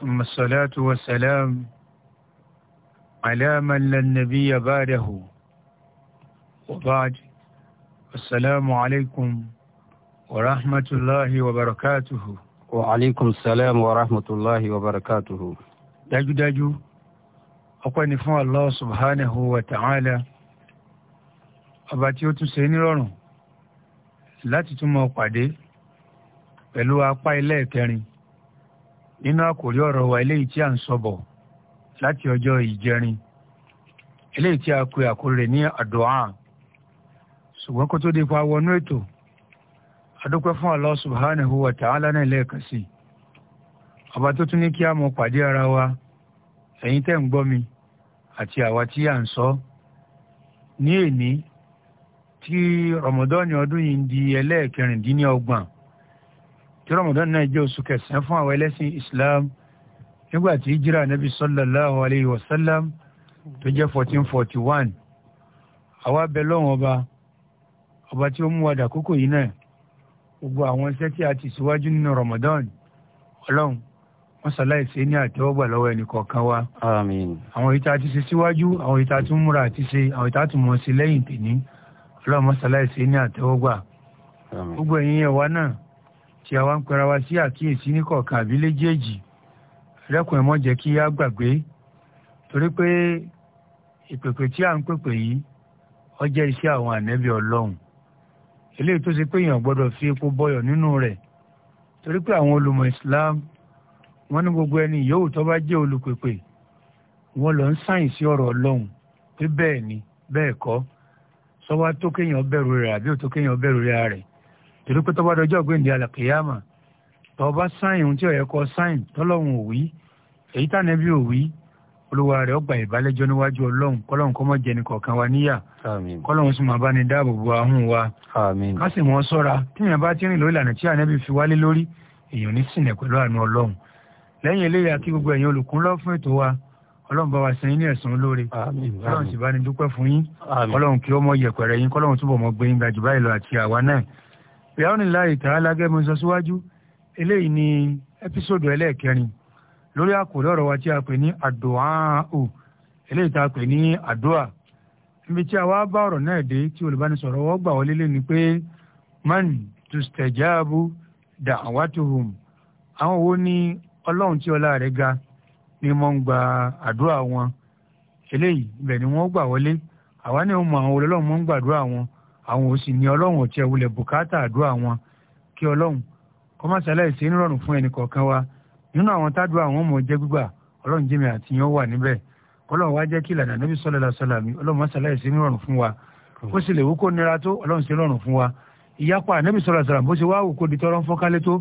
ثم الصلاة والسلام على من لا النبي بعده وبعد السلام عليكم ورحمة الله وبركاته وعليكم السلام ورحمة الله وبركاته داجو داجو أقول فون الله سبحانه وتعالى أباتي وتسيني رونو لا تتمو قادي pẹ̀lú apá ilé ìkẹrin nínú àkòrí ọ̀rọ̀ wa eléyìí tí a ń sọ̀bọ̀ láti ọjọ́ ìjẹrin eléyìí tí a pe àkórí rẹ̀ ní àdúà ṣùgbọ́n kó tó di pa wọnú ètò adúpẹ́ fún Allah subhanahu wa ta'ala náà lẹ́ẹ̀kan sí i ọba tó tún ní kí a mọ pàdé ara wa ẹ̀yin tẹ́ ń gbọ́ mi àti àwa tí à ń sọ ní èní tí rọmọdọ́ọ̀nì ọdún yìí ń di ẹlẹ́ẹ̀kẹrìndínlọ́gbọ̀n tí ramadan náà jẹ́ oṣù kẹsàn-án fún àwọn ẹlẹ́sìn islam nígbà tí jíra nabi sallallahu alayhi wa sallam tó jẹ́ 1441 àwa bẹ lọ́wọ́n ọba ọba tí ó mú wa dàkókò yìí náà gbogbo àwọn iṣẹ́ tí a ti síwájú nínú ramadan ọlọ́run wọ́n ṣàlàyé ṣe ní àtẹ́wọ́gbà lọ́wọ́ ẹnì kọ̀ọ̀kan wa. àmín. àwọn ìta ti ṣe síwájú àwọn ìta tún múra àti ṣe àwọn ìta tún mọ̀ sí lẹ́yìn tèmi ọlọ́run wọ́n ṣàlàyé ṣe ní àtẹ́wọ́gbà. àmín. gbogbo ẹ̀yin ẹ̀wá náà tí a wá ń pera wa sí àkíyèsí ní kọ̀ọ̀kan àbí léjèèjì ẹlẹ́kùn ẹ̀ mọ́ jẹ́ kí a gbàgbé torí pé ìpèpè tí à ń pèpè yìí ó jẹ́ iṣẹ́ àwọn ànẹ́bí ọlọ́run eléyìí tó ṣe pé èèyàn gbọ́dọ̀ fi epo bọyọ̀ nínú rẹ̀ torí pé àwọn olùmọ̀ Islam wọ́n ní gbogbo ẹni yòówù tó bá jẹ́ olùpèpè wọ́n lọ ń sáyìn sí ọ̀rọ̀ ọlọ́run pé bẹ́ẹ̀ ni bẹ́ẹ̀ kọ́ sọ wá tó kéèyàn bẹ̀rù rẹ̀ àbí kéèyàn bẹ̀rù rẹ̀ rẹ̀ torí pé tọ́ba dọjọ́ ọ̀gbìn di àlàkìyàmà tọ́ba sáyìn ohun tí ó yẹ kó sáyìn tọ́lọ́hún ò wí èyí tànà bí ò wí olúwa rẹ̀ ọgbà ìbálẹ́jọ́ níwájú ọlọ́run kọ́lọ́hún kọ́ mọ́ jẹni kọ̀ọ̀kan wa níyà kọ́lọ́hún sì máa bá ní dáàbò bo ahọ́n wa ká sì wọ́n sọ́ra tíyẹn bá ti rìn lórí ìlànà tí ànábì fi wálé lórí èèyàn ní sìnẹ̀ pẹ̀lú àánú ọlọ́run lẹ́yìn eléyà kí gbogbo ẹ̀yin olùkúnlọ́ fún ètò wa ọlọ́run bá wa sẹ́yìn ní ẹ̀sán olóore ọlọ́run sì bá ní dúpẹ́ fún yín ọlọ́run kí ó mọ yẹ̀pẹ̀rẹ̀ yín kọ́lọ́run túbọ̀ mọ gbé yín gbajúbáyìí lọ àti àwa náà bíọ́nì láì tà á lágẹ́ mi sọ síwájú eléyìí ni ẹ́písòdù ẹlẹ́ẹ̀kẹrin lórí àkòrí ọ̀rọ̀ wa tí a pè ní àdùá o eléyìí tá a pè ní àdúà níbi tí a wá bá ọ̀rọ̀ náà dé tí olùbánisọ̀rọ̀ wọ́n gbà wọlé lé ni pé man tustajabu da'watuhum àwọn wo ni ọlọ́run tí ọlá rẹ̀ ga ni mo ń gba àdúrà wọn eléyìí ibẹ̀ ni wọ́n gbà wọlé àwa ni ó mọ àwọn olólùwọ́n mo ń gbàdúrà wọn àwọn òsì ní ọlọ́run ọ̀tí ẹ̀wulẹ̀ bùkátà àdúrà wọn kí ọlọ́run kọ́másálẹ̀ ṣe ń rọrùn fún ẹnì kọ̀ọ̀kan wa nínú àwọn tádùá àwọn ọmọ jẹ́ gbígbà ọlọ́run jẹ́mi àti yan wà níbẹ̀ ọlọ́run wá jẹ́ kí ìlànà níbi sọ́lá sọ́lá mi ọlọ́run másálẹ̀ ṣe ń rọrùn fún wa ó sì lè wú kó nira tó ọlọ́run ṣe rọrùn fún wa ìyapa níbi sọ́lá sọ́lá bó ṣe wá wò kó di tọ́rọ́ fọ́kálẹ́ tó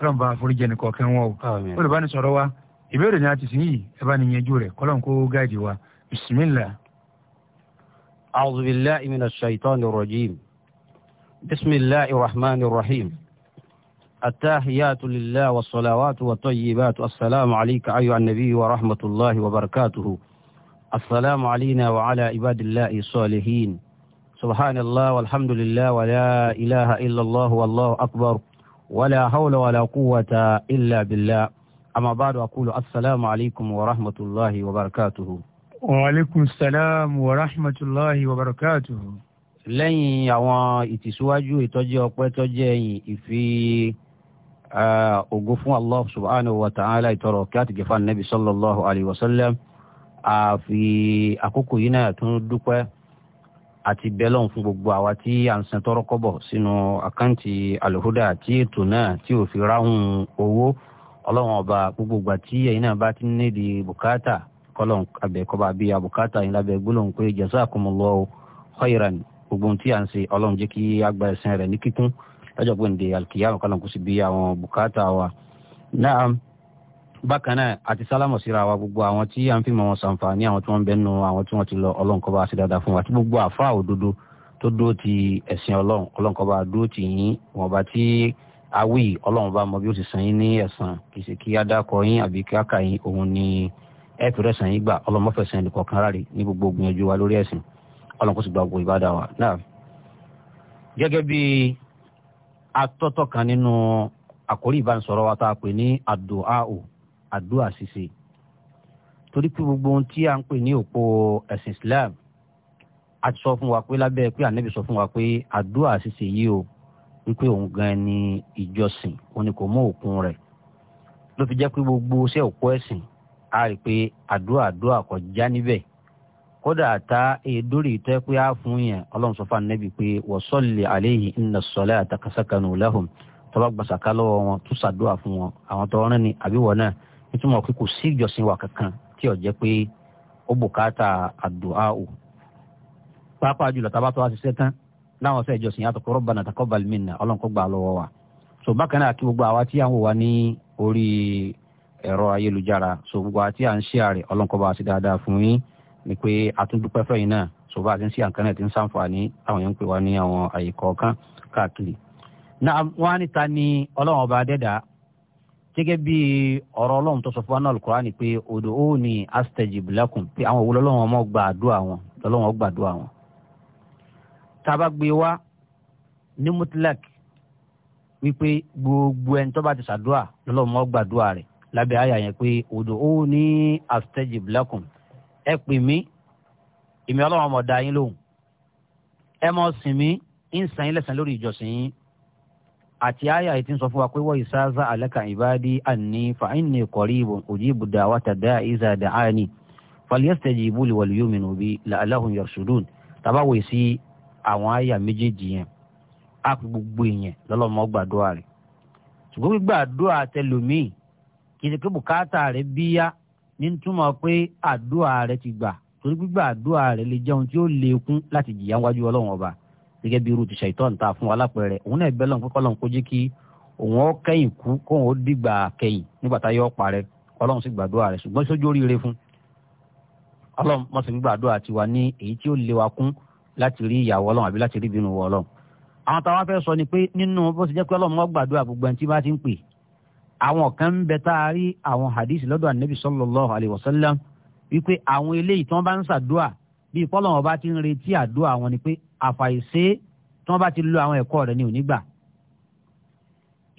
kọ́lọ́n bá foríjì ẹnì kọ̀ọ̀kan wọn o olùbánisọ̀rọ̀ wa ìbéèrè ni a ti sìn yìí ẹ bá ní yanjú rẹ̀ kọ́lọ́n kó gáàdì wa bisimilá. awùzùbílá ìmìnà ṣàìtàn rọ̀jìm bisimilá ìrahman ìrahim àtàhíyàtúlilá wasalawatu wàtọ́yìbàtú asalaamu alayka ayu anabi wa rahmatulahi wa barakatuhu asalaamu alayna wa ala ibadillahi salihin subhanallah walhamdulillah wa ilaha illallah wallahu akbar. ولا حول ولا قوة إلا بالله أما بعد أقول السلام عليكم ورحمة الله وبركاته وعليكم السلام ورحمة الله وبركاته lẹ́yìn àwọn ìtìsíwájú ìtọ́jú ọpẹ́ tọ́jú ẹ̀yìn ìfi ògo fún allah subhanahu wa ta'ala ìtọrọ kí á ti gẹ̀fà nàbì sallallahu alayhi wa sallam àfi àkókò yìí náà tún dúpẹ́ àti bẹ́lọ̀n fún gbogbo àwa tí à ń san tọrọ kọ́bọ̀ sínú àkáǹtì àlùhúdà tí ètò náà tí ò fi ráhùn owó ọlọ́run ọba gbogbo ìgbà tí ẹ̀yin náà bá ti ní di bùkátà kọ́lọ̀n abẹ́kọ́ba bí i abùkátà yín lábẹ́ gbólóhùn pé jazakumullahu khairan gbogbo ohun tí à ń ṣe ọlọ́run jẹ́ kí àgbà ẹ̀sìn rẹ̀ ní kíkún lọ́jọ́ gbòǹde alkiyama kọ́lọ̀n kó sì bí àwọn bùkátà wa. naam bákan náà àti sálámọ̀ síra wa gbogbo àwọn tí à ń fi mọ̀ wọn sànfààní àwọn tí wọ́n ń bẹ nù àwọn tí wọ́n ti lọ ọlọ́nkọ́ba sí dáadáa fún wa àti gbogbo àfa òdodo tó dúró ti ẹ̀sìn ọlọ́run ọlọ́nkọ́ba dúró ti yín wọ́n bá ti awí ọlọ́run bá mọ bí ó ti sàn yín ní ẹ̀sán kì í ṣe kí á yín àbí kí á yín òun ni ẹ fi rẹ̀ sàn yín gbà ọlọ́mọfẹ̀sán ẹnì kọ̀ọ̀kan ní gbogbo gbìyànjú wa lórí ẹ̀sìn ọlọ́run sì gba gbogbo ìbádà wa náà gẹ́gẹ́ bí atọ́tọ̀ kan nínú àkórí ìbánisọ̀rọ̀ wa tá a pè ní àdùá o àdúrà ṣíṣe torí pé gbogbo ohun tí a ń pè ní òpó ẹ̀sìn Islam a ti sọ fún wa pé lábẹ́ pé ànábì sọ fún wa pé àdúrà ṣíṣe yìí o wípé òun gan ni ìjọsìn òun ni kò mọ òkun rẹ̀ ló fi jẹ́ pé gbogbo iṣẹ́ òpó ẹ̀sìn a rí pé àdúrà àdúrà kò já níbẹ̀ kódà ta èdórí ìtọ́ pé a fún yẹn ọlọ́run sọ fún ànábì pé wasalli alayhi inna salata kasakanu lahum tọ́ba gbàsàkà lọ́wọ́ wọn tó ṣàdúrà fún wọn àwọn tó rán ni àbí wọn náà ìtumọ̀ pé kò sí ìjọsìn wa kankan tí ò jẹ́ pé ó bùkátà àdúà o pàápàá jùlọ tábà tó wá ṣiṣẹ́ tán láwọn ọ̀sẹ̀ ìjọsìn yàtọ̀ kọ́ Rabbana taqabbal minna ọlọ́run kó gbà lọ́wọ́ wa so bákan náà kí gbogbo àwa tí à ń wò wá ní orí ẹ̀rọ ayélujára so gbogbo àwa tí à ń ṣe àrè ọlọ́run kó bá ṣe dáadáa fún yín ni pé àtúndúpẹ́ fẹ́yìn náà so bá a ti ń ṣe àǹkan náà ti ń ṣàǹfààní àwọn yẹn ń pè wá ní àwọn àyè kọ̀ọ̀kan káàkiri. náà wọ́n á níta ní ọlọ́run ọba adẹ́dàá gẹ́gẹ́ bí ọ̀rọ̀ ọlọ́run tó sọ fún wa náà Al-Qur'ani pé odò ó ní astajib lakum pé àwọn òwúlọ́ ọlọ́run ọmọ gba àdúrà wọn lọ́lọ́run ọgbà àdúrà wọn. tá a bá gbé wá ní mutlak wípé gbogbo ẹni tó bá ti sàdúrà lọ́lọ́run ọmọ gba àdúrà rẹ̀ lábẹ́ àyà yẹn pé odò ó ní astajib ẹ pè mí èmi ọlọ́run ọmọ dá yín lóhùn ẹ mọ̀ sìn mí ń sàn yín lẹ́sàn lórí ìjọsìn yín àti àyà yìí ti ń sọ fún wa pé wọ́n ìsáza àlẹ́kà ìbádí àní fàáìní kọ̀rí òjìbù dáwà tàdá ìzà dàáni fàlíẹ́sítẹ̀ jìbù lè wọ̀lú yómi nù bí làálàhùn yọ̀ṣùdùn tàbáwò sí àwọn àyà méjèèjì yẹn á pè gbogbo èèyàn lọ́lọ́mọ gbàdúrà rẹ̀ ṣùgbọ́n gbígbàdúrà tẹlómìn kì í ṣe pé bùkátà rẹ̀ bíyá ní túmọ̀ pé àdúrà rẹ̀ ti gbà torí gbígbàdúrà rẹ̀ lè jẹun tí ó lékún láti jìyà wájú ọlọ́run ọba gẹ́gẹ́ bí irú ti ṣàìtọ́n ta fún wa lápẹẹrẹ òun náà bẹ́ lọ́n pé kọ́lọ́n kó jẹ́ kí òun ó kẹ́yìn kú kóun ó dìgbà kẹ́yìn nígbà tá yọ parẹ́ ọlọ́run sì gbàdúrà rẹ̀ ṣùgbọ́n sójú oríire fún ọlọ́run mọ̀ sí gbàdúrà ti wa ní èyí tí ó lé wa kún láti rí ìyàwó ọlọ́run àbí láti rí ìbínú wọ ọlọ́run àwọn táwa fẹ́ sọ ni pé nínú bó ti jẹ́ pé ọlọ́run wọ́n gbàdúrà gbogbo ẹni tí bá ti ń pè àwọn kan ń bẹ tá a rí àwọn hadith lọ́dọ̀ ànábì sallallahu alaihi wasallam wípé àwọn eléyìí tí wọ́n bá ń ṣàdúà bíi pọ́lọ́wọ́n bá ti ń retí àdúrà wọn ni pé àfàìṣe tí wọ́n bá ti lo àwọn ẹ̀kọ́ rẹ̀ ní onígbà.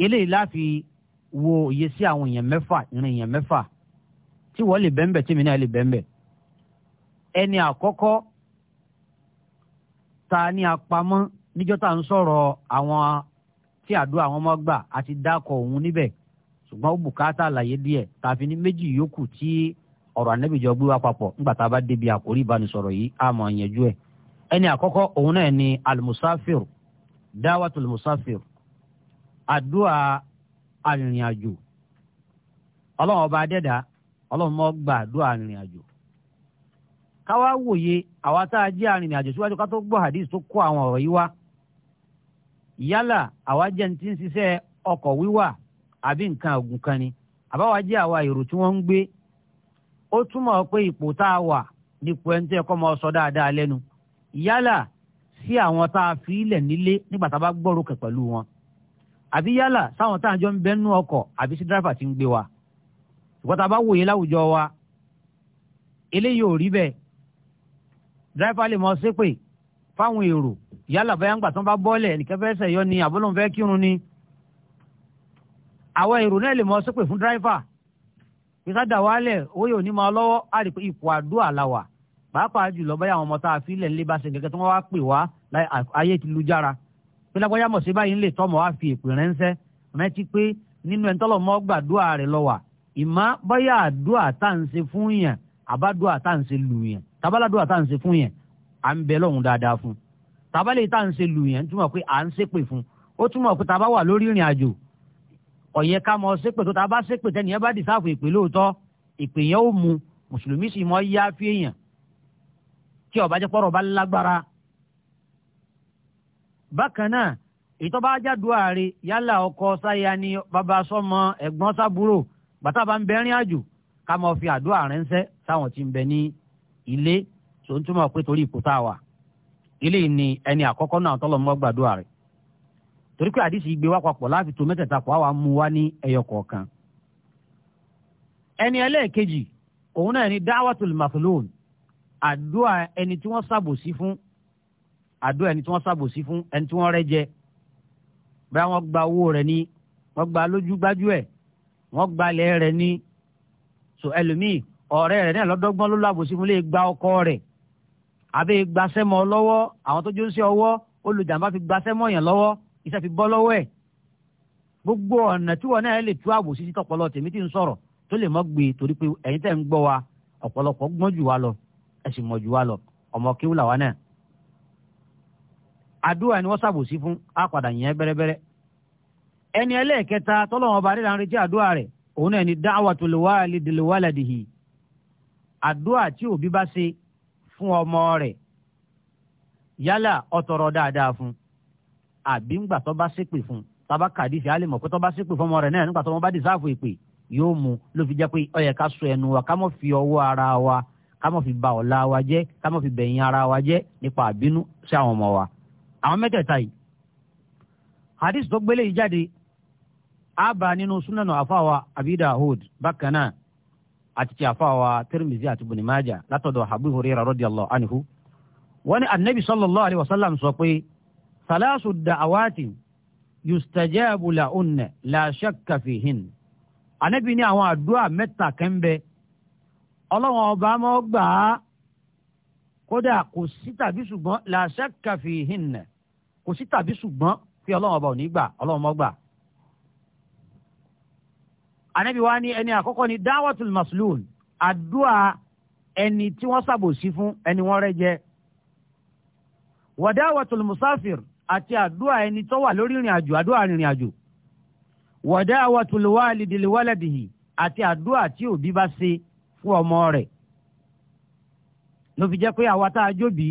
eléyìí láfi wo òye sí àwọn èèyàn mẹ́fà ìrìn èèyàn mẹ́fà tí wọ́n lè bẹ́ńbẹ̀ tí mi náà lè bẹ́ńbẹ̀. ẹni àkọ́kọ́ ta ni apamọ́ níjọ́ tá à ń sọ̀rọ̀ àwọn tí àdúrà wọn mọ́ gbà àti dákọ̀ òun níbẹ̀ ṣùgbọ́n ó bùkátà àlàyé díẹ̀ tàbí ní méjì yòókù tí ọ̀rọ̀ ànábì jọ gbé wa papọ̀ nígbà a bá débi àkórí ìbánisọ̀rọ̀ yìí a máa ẹ̀ ẹni àkọ́kọ́ òun náà ni musafir arìnrìnàjò ọlọ́run ọba adẹ́dà ọlọ́run mọ́ gbà àdúrà arìnrìnàjò káwá wòye àwa tá a jẹ́ arìnrìnàjò síwájú ká tó gbọ́ hadith tó kó àwọn ọ̀rọ̀ yìí wá yálà àwa jẹ́ ní ti ó túmọ̀ pé ipò tá a wà nípò ẹni tó yẹ kọ́ máa sọ dáadáa lẹ́nu yálà sí àwọn tá a fi ilẹ̀ nílé nígbà tá a bá gbọ́rò kẹ̀ pẹ̀lú wọn àbí yálà sáwọn tá à ń jọ ń bẹ́nu ọkọ̀ àbí sí dírẹ́fà tí ń gbé wa ṣùgbọ́n tá a bá wòye láwùjọ wa eléyìí ò rí bẹ́ẹ̀ dírẹ́fà lè mọ ṣépè fáwọn èrò yálà báyà ń gbà tí wọ́n bá bọ́ọ̀lẹ̀ nìkan fẹ́ sẹ̀yọ́ ni àbólóhùn fẹ́ kírun ni àwọn èrò náà lè mọ ṣépè fún dírẹ́fà ìsádà wálẹ̀ owó yóò ní máa lọ́wọ́ á rí pé ipò àdúrà la wà pàápàá jùlọ báyà àwọn ọmọ tá a fi ilẹ̀ ńlẹ́ bá ṣe gẹ́gẹ́ tí wọ́n wá pè wá ayé ti lu jára pé lágbájá mọ̀ sí báyìí ń lè tọ́mọ̀ wá fi èpè ránṣẹ́ rántí pé nínú ẹ̀ ń tọ́lọ̀ mọ́ gbàdúrà rẹ̀ lọ wà ìmọ̀ báyà àdúrà tá à ń ṣe fún yẹn àbádúrà tá à ń ṣe lù yẹn tabaládúrà tá à ń ṣe fún yẹn à ń bẹ lọ́hùn dáadáa fún tabalẹ̀ tá à ń ṣe lù yẹn túmọ̀ pé à ń ṣépè fún ó túmọ̀ pé tá wà lórí ìrìn àjò ọ̀yẹ ká mọ ṣépè tó ta bá ṣépè tẹ́nìyẹn bá dìsáàfù ìpè lóòótọ́ ìpè yẹn ó mu mùsùlùmí sì mọ yá fi èèyàn tí ó bá jẹ́ pọ́rọ̀ bá lágbára. bákan náà ìtọ́ bá jádùá rẹ̀ yálà ọkọ sáyà ni bàbá sọmọ ẹ̀gbọ́n sábúrò bàtà bá ń bẹ́rin àjò ká mọ fi àdúrà ránṣẹ́ sáwọn tí ń bẹ ní ilé tó ń túmọ̀ pé torí ipò wà ilé ni ẹni àkọ́kọ́ náà tọ́lọ́ mọ́ gbàdúrà rẹ̀ torí pé àdìsí ìgbé wa papọ̀ láti tó mẹ́tẹ̀ẹ̀ta pọ̀ àwa mú wa ní ẹyọ kọ̀ọ̀kan. ẹni ẹlẹ́ẹ̀kejì òun náà ni dáwàtul mafulon àdúrà ẹni tí wọ́n ṣàbòsí fún àdúrà ẹni tí wọ́n ṣàbòsí fún ẹni tí wọ́n rẹ́ jẹ bá wọ́n gba owó rẹ̀ ní wọ́n gba lójú gbájú ẹ̀ wọ́n gba ilẹ̀ rẹ̀ ní so ẹlòmíì ọ̀rẹ́ rẹ̀ náà lọ́dọ́gbọ́n ló lábòsí fún lè gba ọkọ rẹ̀ àbí gbasẹ́mọ lọ́wọ́ àwọn tó jó ń ṣe ọwọ́ olùjàmbá fi gbasẹ́mọ yàn lọ́wọ́ iṣẹ́ fi bọ́ lọ́wọ́ ẹ̀ gbogbo ọ̀nà tí wọn náà lè tú ààbò sí tọpọlọ tèmi tí ń sọ̀rọ̀ tó lè mọ́ gbé torí pé ẹ̀yin tẹ̀ ń gbọ́ wa ọ̀pọ̀lọpọ̀ gbọ́n jù wá lọ ẹ̀sìn mọ̀ jù wá lọ ọmọ kíw làwa náà àdúrà ni wọ́n ṣàbòsí fún á padà yẹn bẹ́rẹ́bẹ́rẹ́ ẹni ẹlẹ́ẹ̀kẹta tọ́lọ́wọ́n bá ríran retí àdúrà rẹ̀ ni da'watul walidi li waladihi àdúrà tí òbí bá ṣe fún ọmọ rẹ̀ yálà ó dáadáa fún àbí ńgbà tó bá ṣépè fún tàbá kàdífì á lè mọ̀ pé tó bá ṣépè fún ọmọ rẹ̀ náà nígbà tó wọ́n bá dìsáàfù ìpè yóò mu ló fi jẹ́ pé ó yẹ ká sọ ẹnu wa ká mọ̀ fi ọwọ́ ara wa ká mọ̀ fi ba ọ̀la wa jẹ́ ká mọ̀ fi bẹ̀yìn ara wa jẹ́ nípa àbínú sí àwọn ọmọ wa. àwọn mẹ́tẹ̀ẹ̀ta yìí hadith tó gbélé yìí jáde àbá nínú súnánù àfáwà Abi Dawud bákan àti ti àfáwà Tirmidhi àti Ibn látọ̀dọ̀ Abu Hurairah radiyallahu anhu wọ́n ní anabi sallallahu alayhi wa sallam sọ pé ثلاث الدعوات يستجاب لهن لا شك فيهن Ànábì ní àwọn àdúrà mẹ́ta kan bẹ Ọlọ́run ọba máa gbà á kódà kò sí tàbí ṣùgbọ́n la shakka fihinna kò sí tàbí ṣùgbọ́n fi Ọlọ́run ọba ò ní gbà Ọlọ́run máa gbà. Ànábì wa ní ẹni àkọ́kọ́ ni da'watul maslul àdúrà ẹni tí wọ́n ṣàbòsí fún ẹni wọ́n rẹ́ jẹ wa da'watul musafir àti àdúrà ẹni tó wà lórí ìrìn àjò àdúrà ìrìn àjò wọ̀dá àwọ̀tún lùwálìdì lùwálìdìhì àti àdúrà tí òbí bá ṣe fún ọmọ rẹ̀ ló fi jẹ́ pé àwa tá a jóbi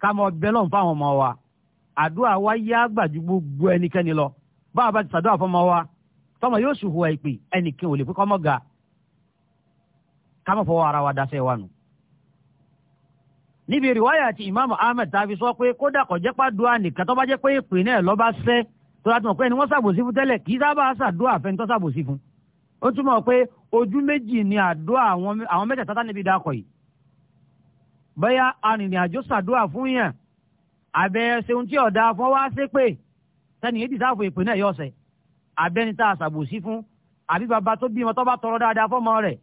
ká mọ bẹ́lọ̀ fáwọn ọmọ wa àdúrà wa yá gbàjú gbogbo ẹnikẹ́ni lọ báwa bá ti ṣàdúrà fọmọ wa tọmọ yóò ṣùhùwà ìpè ẹnìkan ò lè pé kọ́mọ́ ga ká mọ̀ fọwọ́ ara wa dáṣẹ́ wa nù níbi ìrìwáyà àti ìmáàmù ahmed tàbí sọ pé kódà kọjẹ́ pàdúrà nìkan tó bá jẹ́ pé ìpè náà lọ́ba sẹ́ tó láti mọ̀ pé ẹni wọ́n ṣàbòsí fún tẹ́lẹ̀ kì í sábà ṣàdúrà fẹ́ni tó ṣàbòsí fún ó túmọ̀ pé ojú méjì ni àdúrà àwọn mẹ́tẹ̀ẹ̀ta tá níbi dakọ̀ yìí bóyá arìnrìn-àjò ṣàdúrà fún yàn àbẹ̀ ṣeun tí ọ̀dà fún wa ṣe pé sẹ́ni èdè sáfò ìpè náà yọ̀ọ̀sẹ̀ àbẹ́ni tá a ṣàbòsí fún àbí bàbá tó bímọ tó bá tọrọ dáadáa fọ́mọ rẹ̀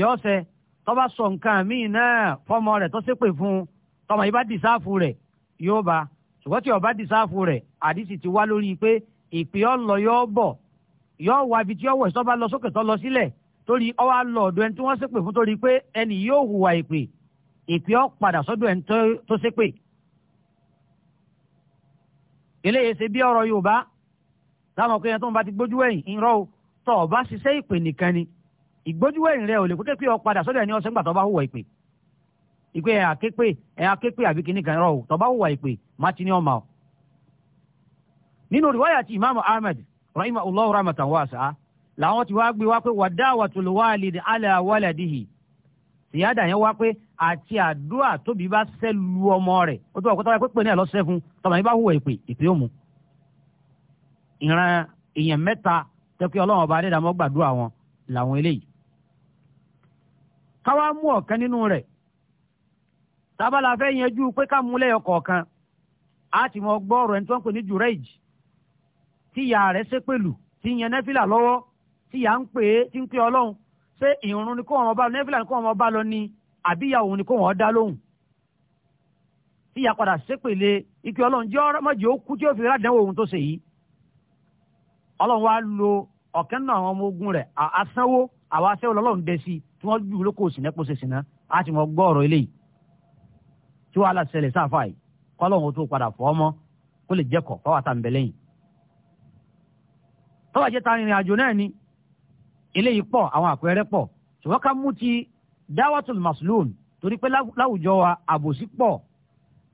yọ̀ọ̀sẹ̀ tọ́ba sọ nǹkan míì náà fọmọ rẹ̀ tó ṣépè fún un tọmọ yìí bá dìsáàfù rẹ̀ yóò bá ṣùgbọ́n tí ọba dìsáàfù rẹ̀ àdìsí ti wá lórí pé ìpè ọlọ yọ bọ̀ yọ wà ibi tí ọwọ́ ìsọba lọ sókè tó lọ sílẹ̀ torí ọwọ́ àlọ́ ọ̀dọ̀ ẹni tí wọ́n ṣépè fún torí pé ẹni yóò hùwà ìpè ìpè ọ padà sọ́dọ̀ ẹni tó ṣépè. eléyìí ṣe bí ọ̀rọ̀ Yorùbá táwọn ọkọ yẹn tó ń bá ti gbójú ẹ̀yìn ń rọ́ o tọ́ ọba ṣiṣẹ́ ìpè nìkan ni ìgbójúwẹ̀yìn rẹ ò lè kó képe ọ padà sọ́dọ̀ ẹni ọ̀sẹ̀ ńgbà tó bá hùwà ìpè ìpè ẹ̀ àképe ẹ̀ àképe àbí kìíní kan rọ̀ tó bá hùwà ìpè má ti ní ọmọ ọ. nínú rìwáyà ti ìmáàmù ahmed rahima allah rahmatan wasa làwọn ti wá gbé wá pé wàdáwà tó lè wá lè ala waladihi tìyádà yẹn wá pé àti àdúrà tóbi bá sẹ́ lu ọmọ rẹ̀ ó tó wà kótó wáyé pé pé ní ẹ̀ lọ́sẹ̀ fún tọmọ yìí bá hùwà ìpè ìpè ìran èèyàn mẹ́ta tẹ́kí ọlọ́run ọba adédàmọ́ gbàdúrà wọn làwọn eléyìí káwá mú ọ̀kan nínú rẹ̀ tábàlà fẹ́ yanjú pé ká mú lẹ́yọ kọ̀ọ̀kan á ti mọ gbọ́ ọ̀rọ̀ ẹni tó ń pè ní jùrẹ́ẹ̀jì tí ìyá rẹ̀ ṣe pẹ̀lú tí ń yan nẹ́fìlà lọ́wọ́ tí ìyá ń pè é tí ń pè ọlọ́run ni kò wọ́n bá nẹ́fìlà ni kò wọ́n bá lọ ni àbí ìyá òun ni kò wọ́n dá lóhùn tí ìyá padà ṣe pèlè ike ọlọ́run jẹ́ mọ́jì ó ogun rẹ̀ àsánwó àwa aṣẹ́ ọlọ́run dẹ sí tí wọ́n jù lóko òsìnà kó ṣe sìnà á ti mọ gbọ́ ọ̀rọ̀ eléyìí tí wàhálà ṣẹlẹ̀ sáfà yìí kọ́lọ́run tó padà fọ́ ọmọ kó lè jẹ́kọ̀ fáwọn àtàǹbẹ̀ lẹ́yìn. tọ́wọ́ jẹ́ ta ìrìn àjò náà ni eléyìí pọ̀ àwọn àpẹẹrẹ pọ̀ ṣùgbọ́n ká mú ti dáwọ́tul maslun torí pé láwùjọ wa àbòsí pọ̀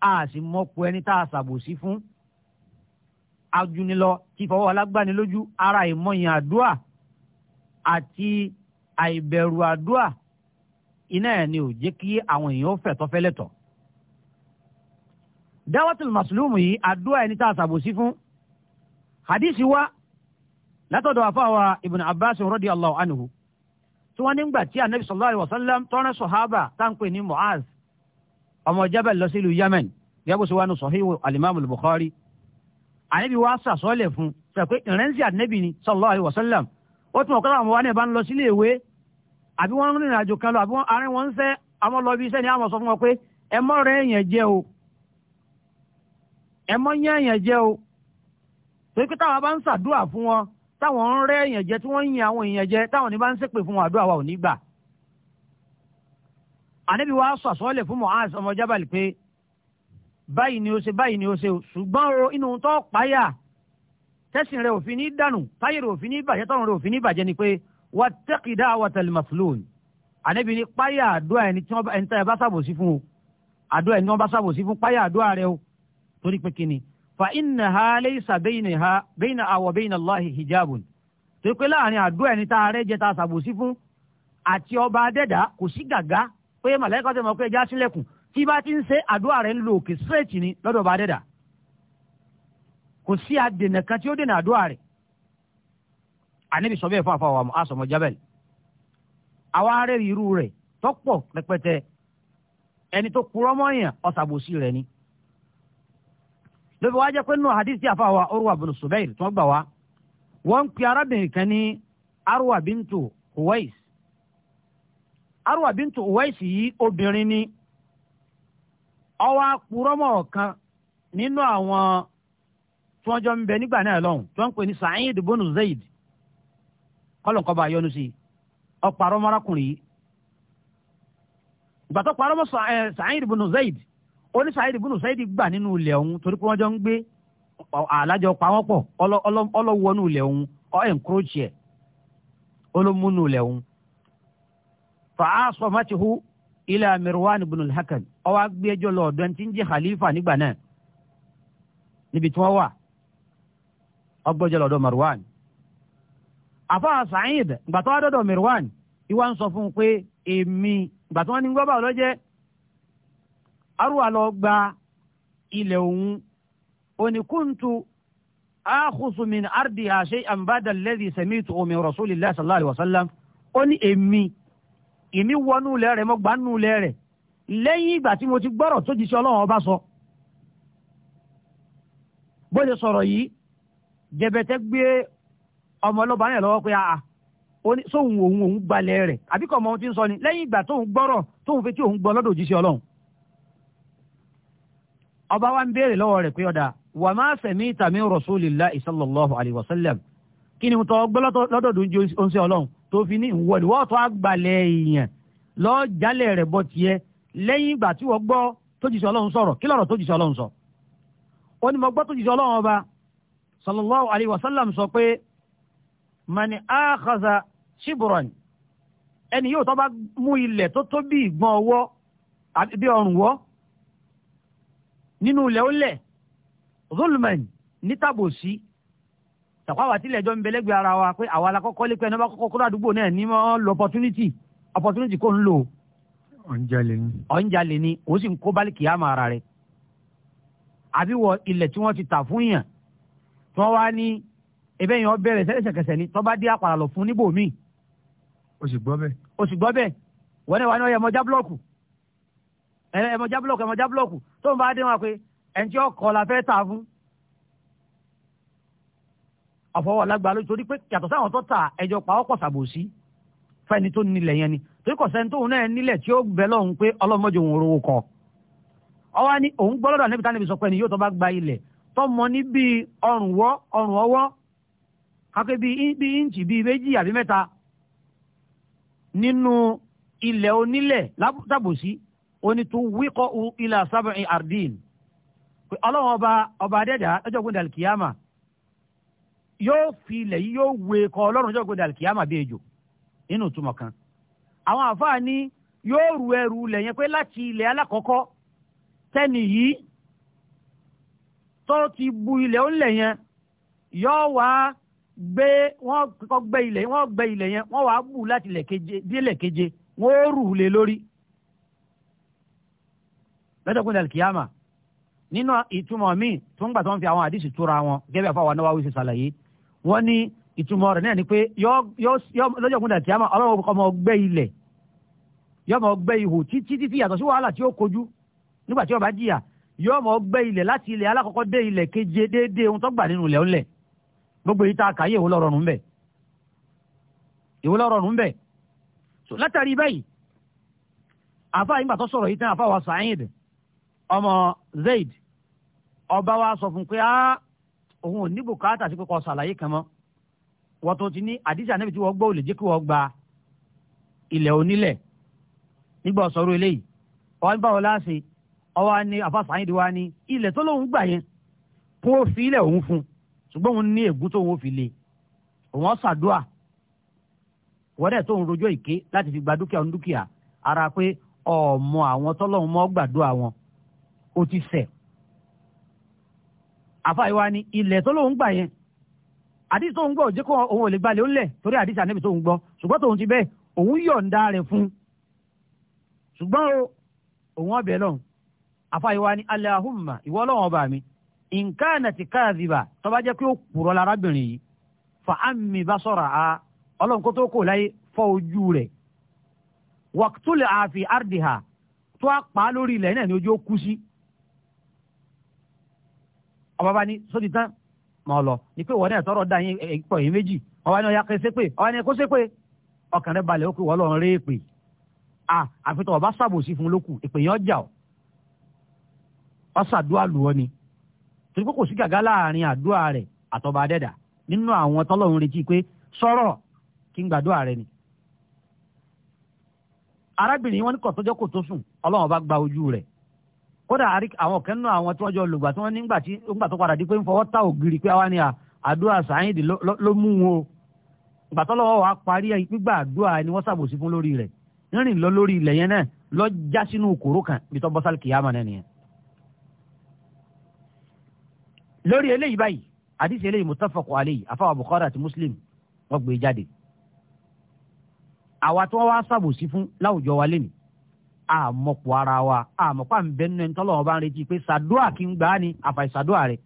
a sì mọ̀pọ̀ ẹni tá a ṣàbòsí fún ajunilọ tí fọwọ́ alágbani ara ìmọ̀yìn àdúrà àti àìbẹ̀rù àdúà iná ẹ̀ ni ò jẹ́ kí àwọn èèyàn fẹ̀tọ́ fẹ́lẹ̀tọ̀ dáwọ́tìlù màsùlùmù yìí àdúà ẹni tá a ṣàbòsí fún hadisi wa látọ̀dọ̀ àfáwà ibn abbas Allah anhu tí wọ́n nígbà tí anabi sallallahu alayhi wa sallam tọ́rọ sọ̀hábà táǹpẹ̀ ní muaz ọmọ jabal lọ sílùú yemen gẹ́gbó sí wánú sọ̀híwò alimami bukhari anabi wa sàsọ́lẹ̀ fún sọ pé ìrẹ́nsì anabi ni sallallahu alayhi wa sallam ó tún ọ̀kadà àwọn wa náà bá ń lọ sílé ìwé àbí wọ́n rìnrìn àjò kan lọ àbí àárín wọn ń sẹ́ àwọn lọ bí iṣẹ́ ni àwọn sọ fún wọn pé ẹ mọ́ rẹ̀ èèyàn jẹ́ o ẹ mọ́ yẹ́ èèyàn jẹ́ o torí pé táwọn bá ń ṣàdúrà fún wọn táwọn ń rẹ́ èèyàn jẹ́ tí wọ́n ń yin àwọn èèyàn jẹ́ táwọn ní bá ń ṣépè fún wọn àdúrà wa ò ní gbà ànábì wa sọ àsọ́ọ́lẹ̀ fún Mu'az ọmọ Jabal pé báyìí ni ó ṣe báyìí ni ó ṣe ṣùgbọ́n o inú tó páyà tẹ́sìn rẹ̀ òfin ní dànù táyé rẹ̀ òfin ní bàjẹ́ tọ́run rẹ̀ òfin ní bàjẹ́ ni pé wà tẹ́kìdá àwọ̀tẹ̀lẹ̀ màfúlùn ànábi ni páyà àdúrà ẹni tí wọ́n tẹ́ ẹ bá sàbòsí fún o àdúrà ẹni tí wọ́n bá sàbòsí fún páyà àdúrà rẹ o torí pé kíni fa inna ha laysa bayna ha bayna àwọ̀ bayna Allahi hijabun torí pé láàrin àdúrà ẹni tá a rẹ jẹ tá a sàbòsí fún àti ọba adẹ́dà kò sí gàgá pé màlẹ́kọ̀ọ́ tẹ̀ mọ́ pé ẹja sílẹ̀kùn tí bá ti ń ṣe àdúrà rẹ̀ ń lo òkè straight ni lọ́dọ̀ ọba adẹ́dà kò sí àdènà kan tí ó dènà àdúrà rẹ̀ ànábì sọ bẹ́ẹ̀ fún àfọwọ́ àsọmọ jábẹ́lì àwọn arẹ́rì irú rẹ̀ tọ́pọ̀ rẹpẹtẹ ẹni tó ni lóbi wá jẹ́ pé nínú hadith àfọwọ́ Urwa bin Zubair tó gbà wá wọ́n ń pe arábìnrin kan ní Arwa bintu Uwais Arwa yìí ni ọwọ́ kan nínú àwọn. tí wọ́n jọ ń bẹ nígbà náà lọ́hùn tí wọ́n pè ní Sa'id bonu Zaid kọ́lọ̀kọ́ba yọnu sí ọ̀pàrọ̀ mọ́rákùnrin yìí ìgbà tó parọ́ mọ́ bonu Zaid eh, ó ní Sa'id bonu Zaid gbà nínú ilẹ̀ ọ̀hún torí pé wọ́n jọ ń gbé àlájọ pọ̀ ilẹ̀ ọ̀hún ọ̀ ẹ̀ ilẹ̀ ọ̀hún ilẹ̀ wá gbé ẹjọ́ níbi ọgbọ́jọ́ lọ́dọ̀ marwan àfáà sa'id gbàtọ́ àdọ́dọ̀ marwan ìwà ń sọ fún un pé èmi gbàtọ́ wọn ni gbọ́bà ọlọ́jẹ́ arúgbó lọ gba ilẹ̀ òun oníkùntù akhusu min ardi àṣẹ àmbádà lẹ́dí sami'tu omi rasulillah sallallahu alayhi wa sallam ó ní èmi èmi wọnú ilẹ̀ mọ́ gbanú ilẹ̀ lẹ́yìn ìgbà tí mo ti gbọ́rọ̀ tó ti ṣe ọlọ́run sọ bó ṣe sọ̀rọ̀ yìí jẹbẹtẹ gbé ọmọ ọlọ́ba náà lọ́wọ́ pé a sóhun òun òun gbalẹ̀ rẹ̀ àbí kọ́ ọmọ ohun tí ń sọ ni lẹ́yìn ìgbà tóun gbọ́rọ̀ tóun fetí òun gbọ́ lọ́dọ̀ òjíṣẹ́ ọlọ́run ọba wa ń béèrè lọ́wọ́ rẹ̀ pé ọ̀dà wà máa sẹ̀mí tàmí rasulillah sallallahu alayhi wa sallam kí ni tó gbọ́ lọ́dọ̀ tó ń jẹ́ oúnjẹ tó fi ní ìwọlì wọ́n tó àgbàlẹ̀ èèyàn lọ́ọ́ jálẹ̀ rẹ̀ bọ́ tiẹ̀ lẹ́yìn ìgbà tí wọ́n gbọ́ tó jìṣẹ́ ọlọ́run kí lọ́rọ̀ tó jìṣẹ́ sọ sallallahu alayhi wa sallam sọ pé mani aakaza shiburan ẹni yóò tó bá mú ilẹ̀ tó tó bí ìgbọ́n ọwọ́ bí ọrùn wọ́ nínú ilẹ̀ ó lẹ̀ zulman ní tàbòsí tàkọ́ àwọn àtìlẹ̀ ẹjọ́ ń bẹ lẹ́gbẹ̀ẹ́ ara wa pé àwa la kọ́kọ́ lé pé ẹni bá kọ́kọ́ kúrò àdúgbò náà ní wọ́n lọ opportunity opportunity kò ń lò. ọ̀njalè ni. ọ̀njalè ni ó sì ń kó bálíkì àmọ́ ara rẹ̀ àbí wọ ilẹ̀ tí wọ́n ti tà fún yàn tó wá ní ebe yẹn bẹ̀rẹ̀ sẹ́lẹ̀sẹ̀kẹsẹ̀ ni tó bá dé àpàrà lọ fún níbò míì. o sì gbọ́ bẹ́ẹ̀. o sì gbọ́ bẹ́ẹ̀ wọ́n ní ẹmọjá búlọ́ọ̀kù ẹmọjá búlọ́ọ̀kù ẹmọjá búlọ́ọ̀kù bá dé wọn pé tí la fẹ́ ta fún. ọ̀fọwọ́ lágbàá ló torí pé yàtọ̀ sáwọn ta ẹjọ pa ọkọ̀ sàbòsí fẹ́ni tó nílẹ̀ yẹn ni torí kò sẹ́ni tóun náà nílẹ̀ tí ó ni òun gbọ́ lọ́dọ̀ tọmọ ní bíi ọrùn ọrùn ọwọ́ kakẹ́ bíi bíi íǹtì bíi méjì àbí mẹ́ta nínú ilẹ̀ onílẹ̀ lábòsí onítúwíkọ́ ilà sábẹ̀rin ardín pé ọba ọba adẹ́dà ọjọ́ gbọ́dọ̀ kiyama yóò fi ilẹ̀ yìí yóò wé kọ́ ọlọ́run ọjọ́ gbọ́dọ̀ alikiyama inu ejò nínú ìtumọ̀ kan àwọn àfáà ní yóò ru ẹrù pé láti tó ti bu ilẹ̀ ńlẹ̀ yẹn yóò wá gbé wọ́n kọ́ gbẹ ilẹ̀ wọ́n gbẹ ilẹ̀ yẹn wọ́n wá bù láti ilẹ̀ keje dé ilẹ̀ keje wọ́n ó rù lé lórí lọ́jọ́gbọ́n dàlù kìyàmà nínú ìtumọ̀ míì tó ń gbà tó ń fi àwọn àdìsí túra wọn gẹ́gẹ́ àfọwọ́ anáwáwí ṣe ṣàlàyé wọ́n ní ìtumọ̀ rẹ̀ náà ni pé lọ́jọ́gbọ́n dàlù kìyàmà ọlọ́wọ́ kọ́ mọ́ gbẹ́ ilẹ̀ yọ́ mọ́ gbẹ́ ihò títí títí yàtọ̀ sí wàhálà tí ó kojú nígbà tí yóò mọ̀ gbẹ́ ilẹ̀ láti ilẹ̀ alákọ̀ọ́kọ́ dé ilẹ̀ keje déédéé ohun tó gbà nínú ilẹ̀ ńlẹ̀ gbogbo yìí tá a kà yé ìwòlọ́ rọrùn bẹ̀ ìwòlọ́ rọrùn bẹ̀ so látàrí báyìí àfa yìí gbàtọ́ sọ̀rọ̀ yìí tán àfa wa Sa'id ọmọ Zaid ọba wa sọ fún pé á òun ò ní bùkátà sí pé kò kan mọ́ wọ́n tó ti ní àdísà níbi tí wọ́n gbọ́ ò lè kí wọ́n gba ilẹ̀ onílẹ̀ nígbà ọ̀sọ́rọ̀ eléyìí wọ́n ọwọ́ ni afásàyíndì wa ni ilẹ̀ tó lóun gbà yẹn kó o fi ilẹ̀ òun fún ṣùgbọ́n òun ní ègún tóun ò fi le òun ṣàdúà wọ́n dẹ̀ tóun rojọ́ ìké láti fi gba dúkìá òun dúkìá ara pé ọmọ àwọn tọ́lọ́hún mọ́ gbàdúrà wọn ó ti ṣẹ̀ àfàyè wa ni ilẹ̀ tó lóun gbà yẹn àdìsí tóun gbọ́ òjé òun ò lè gbalẹ̀ òun lẹ̀ torí àdìsí ànẹ́bí tóun gbọ́ ṣùgbọ́n tóun ti bẹ́ẹ̀ òun yọ̀ǹda rẹ̀ fún ṣùgbọ́n òun ọbẹ̀ lọ́hùn àfàyíwá ní aláhùnmá ìwọ ọlọ́run ọba mi nǹkan àti káàdìbà tó bá jẹ́ pé ó kúrọ̀ lárábìnrin yìí fa àmì bá sọ̀rọ̀ a ọlọ́run kó tó kò láyé fọ́ ojú rẹ̀ wàtúlẹ̀ àfi àrdìhà tó a pa lórí ilẹ̀ náà ní ojú ó kú sí. ọba bá ní sódì tán mọ̀ lọ ní pé wọ́n náà tọrọ dá yín pọ̀ yín méjì ọba ní ọya kẹsẹ́ pé ọba ní kó sẹ́ pé ọkàn rẹ̀ balẹ̀ ó pé wọ́n lọ́ọ́ rẹ́ èpè àfitọ̀ ọba ṣàbòsí fún lókù èpè yẹn ọjà ọ́ ọ̀sàdúà lù ọ́ ni torí pé kò sí gàgá láàrin àdúà rẹ̀ àtọba adẹ́dà nínú àwọn tọ́lọ́run retí pé sọ̀rọ̀ kí n gbàdúà rẹ̀ ni. arábìnrin wọn ní kọ̀tọ́jọ́ kò tó sùn ọlọ́run bá gba ojú rẹ̀ kódà àwọn kan náà àwọn tí wọ́n jọ lògbà tí wọ́n nígbà tí ó ń gbà tó padà di pé ń fọwọ́ ta ògiri pé àwa ni àdúrà sàáyìndì ló mú wọn o ìgbà tó lọ́wọ́ wa parí gbígbà àdúrà ni wọ́n ṣàbòsí fún lórí rẹ̀ rírìn lọ lórí ilẹ̀ yẹn náà lọ já sínú kòró kan bí tó bọ́sálì kìyàmà náà nìyẹn lórí eléyìí báyìí àdìsí eléyìí muttafaqu alayhi àfàwọn Bukhari àti Muslim wọ́n gbé jáde àwa tí wọ́n wá ṣàbòsí fún láwùjọ wa lẹ́nu àmọ̀pọ̀ ara wa àmọ̀pọ̀ àǹbẹ̀ nínú ẹni tọ́lọ́wọ́ bá ń retí pé sàdúà kí ń gbà á ni àfàìsàdúà rẹ̀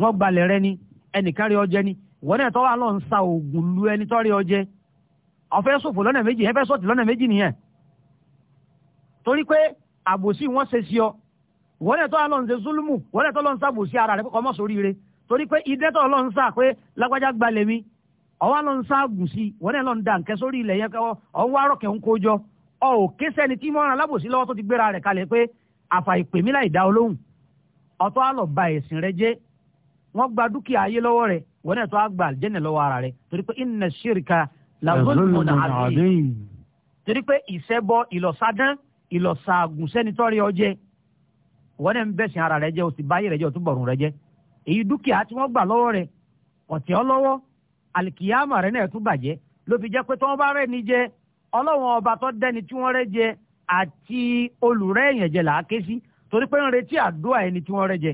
wọ́n gbalẹ̀ rẹ ni ẹnìkan rí ọjẹ́ ni ìwọ́n náà tọ́wọ́ àlọ́ ń sa oògùn lu ẹni tọ́ rí ọjẹ́ ọ̀fẹ́ ṣòfò lọ́nà méjì ẹ̀fẹ́ sọ̀tì lọ́nà méjì nìyẹn torí pé àbòsí wọn ṣe sí ọ wọ́n lẹ́tọ́ àlọ́ ń ṣe súlùmù wọ́n lẹ́tọ́ lọ́n sàbò sí ara rẹ̀ kọ́kọ́ mọ́ sórí rẹ̀ torí pé ìdẹ́tọ̀ lọ́n sà pé lágbájá gbalẹ̀ mi ọwọ́ lọ́n sàbò sí wọ́n lẹ́ lọ́n da nkẹ́ sórí ilẹ̀ yẹn kẹ́wọ́ ọ̀hún wá rọ̀kẹ́ ń kójọ ọ ò ké sẹ́ni tí mọ́ràn alábòsí lọ́wọ́ tó ti gbéra rẹ̀ kalẹ̀ pé àfà ìpè mí láì dá olóhùn ọtọ́ àlọ́ ba sẹ́ni tọ́rí ọjẹ́ wọ́n dẹ̀ ń bẹ̀sìn ara rẹ jẹ́ o sì báyé rẹ jẹ́ o tún bọ̀rùn rẹ jẹ́ èyí dúkìá tí wọ́n gbà lọ́wọ́ rẹ ọ̀tẹ̀ ọ́ lọ́wọ́ àlìkìyàmà rẹ náà tún bàjẹ́ ló fi jẹ́ pé tí wọ́n bá rẹ̀ ní jẹ ọlọ́wọ́n ọba tó dẹni tí wọ́n rẹ̀ jẹ àti olùrẹ́ èèyàn jẹ sí torí pé ń retí àdúrà ẹni tí wọ́n rẹ̀ jẹ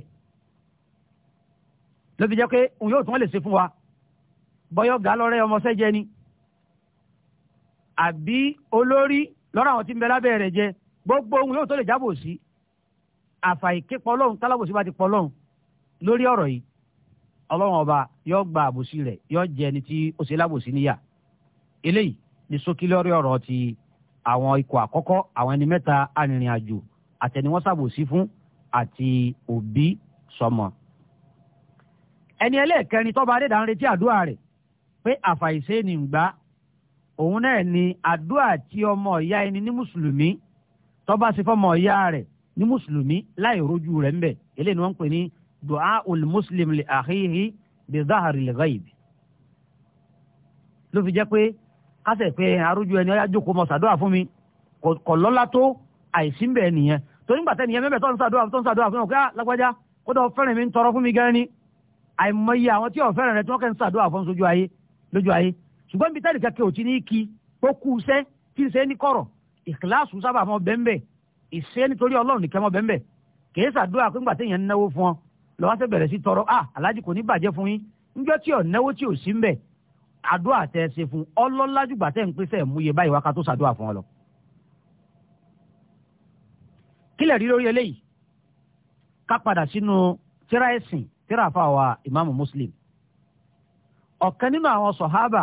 ló fi jẹ́ pé òun yóò tún lè ṣe fún wa bọ́yọ̀ gà lọ́rẹ́ ọmọọṣẹ́ jẹ ni àbí olórí lọ́rọ̀ àwọn tí ń bẹ lábẹ́ rẹ̀ jẹ gbogbo òun yóò tó lè jábọ̀ sí àfàìké pọlọ́hún tálábòsí bá ti pọlọ́hún lórí ọ̀rọ̀ yìí ọlọ́run ọba yóò gba àbòsí rẹ̀ yóò jẹ ẹni tí ó ṣe lábòsí níyà eléyìí ni ṣókí lórí ọ̀rọ̀ ti àwọn ikọ̀ àkọ́kọ́ àwọn ẹni mẹ́ta arìnrìn àjò àtẹniwọ́n ṣàbòsí fún àti òbí sọmọ. ẹni ẹlẹ́ẹ̀kẹrin tọ́ba adéda ń retí àdúrà rẹ̀ pé àfàìṣe ni ń gbà òun náà ni àdúrà tí ọmọ ìyá ẹni ní mùsùlùmí tọ́ba ṣe fọmọ ìyá rẹ̀ ní mùsùlùmí láì rojú rẹ̀ ń bẹ̀ eléyìí ni wọ́n ń pè ní du'a ul muslim li akhihi bi zahari li ghaib ló fi jẹ́ pé kásẹ̀ pé arójú ẹni ọyá jókòó mọ́ sàdúrà fún mi kò lọ́lá tó àìsí ń bẹ̀ nìyẹn torí gbàtẹ́ nìyẹn mẹ́bẹ̀ tó ń sàdúrà tó ń sàdúrà fún mi ọ̀gá ah, lágbájá kódà ọ̀fẹ́rẹ̀ mi ń tọrọ fún mi gan ni àìmọye àwọn tí ọ̀fẹ́rẹ̀ rẹ tí wọ́n kẹ́ ń sàdúrà fún sójú ayé lójú ayé ṣùgbọ́n bí tẹ́lẹ̀ kẹ́kẹ́ ò ní kí tó kú iṣẹ́ tí ń ṣe ní kọ̀rọ̀ ìkìláàsù sábà mọ́ bẹ́ńbẹ́ ìṣe nítorí ọlọ́run nìkan mọ́ bẹ́ẹ̀ kìí ṣàdúrà pé ńgbà téèyàn náwó fún ọ lọ́wọ́ sẹ́ bẹ̀rẹ̀ sí tọrọ à ah, aláàjì kò ní bàjẹ́ fún yín ńjọ́ tí ò náwó tí ò sí ń bẹ̀ àdúrà tẹ ẹ ṣe fún ọlọ́lájú gbà tẹ́ ń pèsè múye báyìí tó ṣàdúrà fún ọ lọ. kílẹ̀ rí lórí eléyìí ká padà sínú tíra ẹ̀sìn ìmáàmù ọ̀kan nínú àwọn sọ̀hábà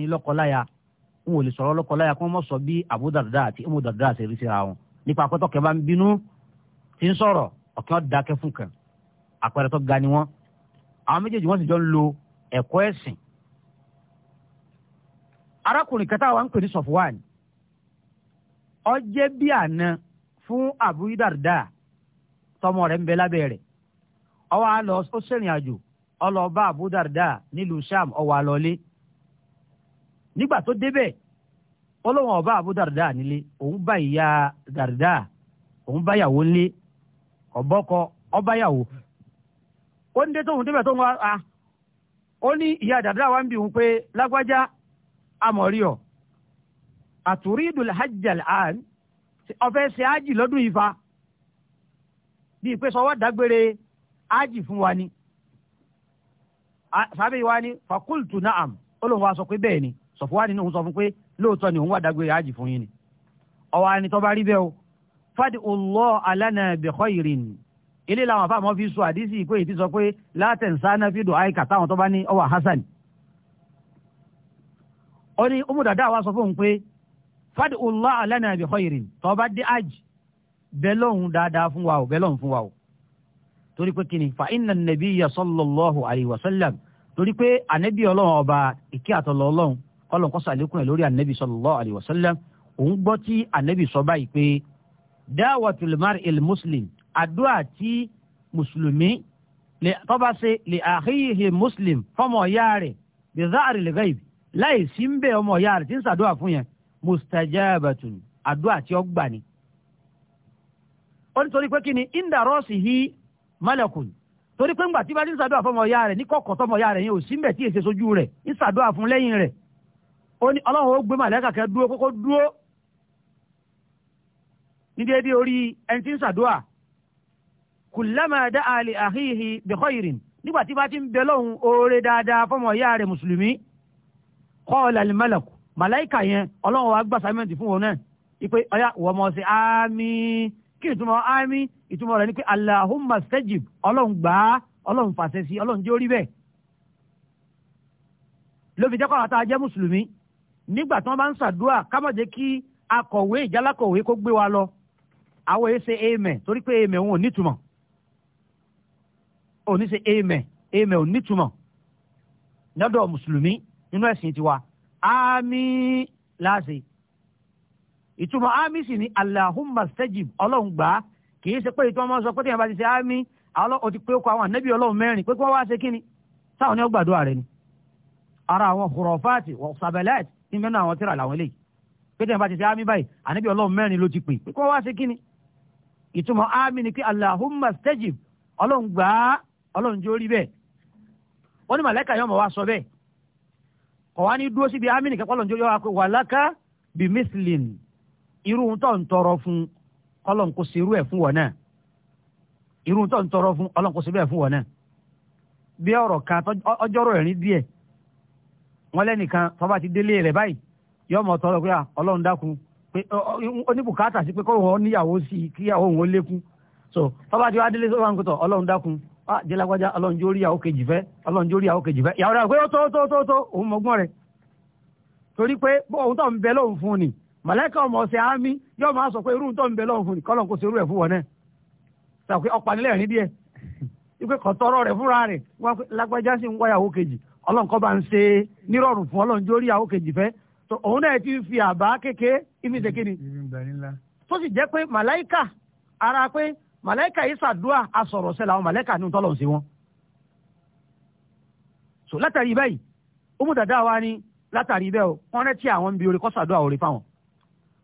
ní n ò lè sọ̀rọ̀ lọ́kọláya kó mọ̀ sọ bí Abu Darda àti Umu Darda ṣe rí síra wọn nípa akọ́tọ̀ kẹ́ bá ń bínú tí ń sọ̀rọ̀ ọ̀kan dákẹ́ fún kan àpẹẹrẹ tó ga ni wọ́n àwọn méjèèjì wọ́n sì jọ ń lo ẹ̀kọ́ ẹ̀sìn. arákùnrin kẹta wa ń pè ní Sọfwan ó bí àná fún Abu Darda tọmọ rẹ̀ ń bẹ lábẹ́ rẹ̀ ó wá lọ ó ṣèrìn àjò ó lọ Abu Darda nílùú Sham ó wá lọlé nígbà tó débẹ̀ ọlọ́wọ́n ọba àbú dàrídà nílé òun bá ìyá dàrídà òun bá yàwó nílé ọ̀bọ́kọ ọba yàwó ó ń dé tóun débẹ̀ tóun wá a ah. ó ní ìyá dàrídà wa ń bì wọn pé lágbájá amọ̀rí ọ̀ àtúrídùl hajjal àn ọ̀fẹ́ ṣe ájì lọ́dún ìfa bí ìpè sọ wá dágbére ájì fún wa ni sábẹ́ wa ni fakultu naam ó lóun sọ pé bẹ́ẹ̀ ni sọ̀fọ́wádìí ní òun sọ fún pé lóòótọ́ ni òun wà dágbére àjì fún yín ni ọwọ́ ẹni tó bá rí bẹ́ẹ̀ o fadi Allah alana bi khairin ilé làwọn afá àmọ́ fi sọ àdísì ìpè yìí ti sọ pé látẹ̀nsá náà fi dùn àyíká táwọn tó bá ní ọwọ́ hasan ó ní umudada wa sọ fún un pé fadi Allah alana bi khairin tó bá dé àjì bẹ́ẹ̀ lọ́hùn dáadáa fún wa o bẹ́ẹ̀ lọ́hùn fún wa o torí pé kíni fa inna nabiyya sallallahu alayhi wa sallam torí pé ànábì ọlọ́run ọba ìkí àtọ̀lọ́ ọlọ́run kọ́lọ̀ kọ́sà lékún ẹ̀ lórí anabi sallallahu alayhi wa sallam òun gbọ́ tí anabi sọ báyìí pé da'watul mar'il muslim àdúrà tí mùsùlùmí tó bá ṣe li akhihi muslim fọmọ ọ̀yá rẹ̀ bi dha'ri al-ghayb láì sí ń bẹ̀ ọmọ ọ̀yá rẹ̀ tí ń ṣàdúrà fún yẹn mustajabatun àdúrà tí ó gbà ni. ó ní torí pé kí ni inda rasihi malakun torí pé ńgbà tí bá ti ń ṣàdúrà fọmọ ọ̀yá rẹ̀ ní kọ̀kọ̀ tọmọ ọ̀yá rẹ̀ yẹn ò sí ń bẹ̀ tí èsè sojú rẹ̀ ń ṣàdúrà fún lẹ́yìn rẹ̀ ó ní ọlọ́run ó gbé màlẹ́kà kẹ́ dúró kókó dúró ní déédéé orí ẹni tí ń ṣàdúà kullama da'a li akhihi bi khairin nígbà tí bá ti ń bẹ lọ́hùn oore dáadáa fọmọ ìyá rẹ̀ mùsùlùmí qala al malaku màláìkà yẹn ọlọ́run wa gbà sámẹ́ǹtì fún wọn náà ipe ọ̀yà wọ́n mọ̀ sí àmì kí ìtumọ̀ àmì ìtumọ̀ rẹ̀ ni pé Allahumma stajib ọlọ́run gbà á ọlọ́run fàṣẹ sí ọlọ́run jẹ́ orí bẹ́ẹ̀ lóbi jẹ́ kọ́ mùsùlùmí nígbà tí wọ́n bá ń ṣàdúrà ká má jẹ́ kí akọ̀wé ìjálákọ̀wé kó gbé wa lọ àwọn èsè amen torí pé amen òun ò nítumọ̀ òun ní ṣe amen amen ò nítumọ̀ lọ́dọ̀ mùsùlùmí nínú ẹ̀sìn tiwa ami láàṣẹ ìtumọ̀ àmì sì ni Allahumma stajib ọlọ́run gbà á kì í ṣe pé ìtumọ̀ máa sọ pé tíyẹn bá ti ṣe àmì àwọn ọtí pé ó kọ àwọn ànábì ọlọ́run mẹ́rin pé kí wọ́n wá ṣe kí ni táwọn ní ó gbàdúrà rẹ ni ara àwọn khurafati wọ́n sàbẹ̀lẹ́tì níbẹ̀ náà àwọn tíra làwọn eléyìí pété nípa ti ṣe ámì báyìí ànábì ọlọ́run mẹ́rin ló ti pè kó wá ṣe kíni ìtumọ̀ ámì ni kí Allahumma stajib ọlọ́run gbà á ọlọ́run jó rí bẹ́ẹ̀ ní màlẹ́kà yọmọ wa sọ bẹ́ẹ̀ kọ̀ wá ní dúró síbi ámì nìkan kọ́lọ́run jó yọ wa wàlákà bí mísìlìn irú tó ń tọrọ fún kọ́lọ́run kò sí irú ẹ̀ fún wọn náà wọn lẹ́nìkan tọ́ba ti délé rẹ̀ báyìí yọ ọmọ tọrọ ah, ọlọ́run dákun pé oníbùkátà sí pé kọ́ níyàwó sí i kíyàwó òun ó lékún so tọ́ba ti wá délé sọ́wọ́n ọlọ́run dákun ah, jẹ́lágbájá ọlọ́run ọlọ́run kọ́ bá ń ṣe nírọ̀rùn fún ọlọ́run jó rí àwọn kejì fẹ́ òun náà ti fi àbá kéke ibi ìdèkìní. tó sì jẹ́ pé màláìkà ara pé màláìkà yìí ṣàdúrà asọ̀rọ̀ sẹ́la àwọn màláìkà ní tọ́lọ̀ sí wọn. so látàrí báyìí ọmọ dàda wa ni látàrí bẹ́ẹ̀ o wọ́n rántí àwọn ibi orí kọ́ ṣàdúrà orí fáwọn.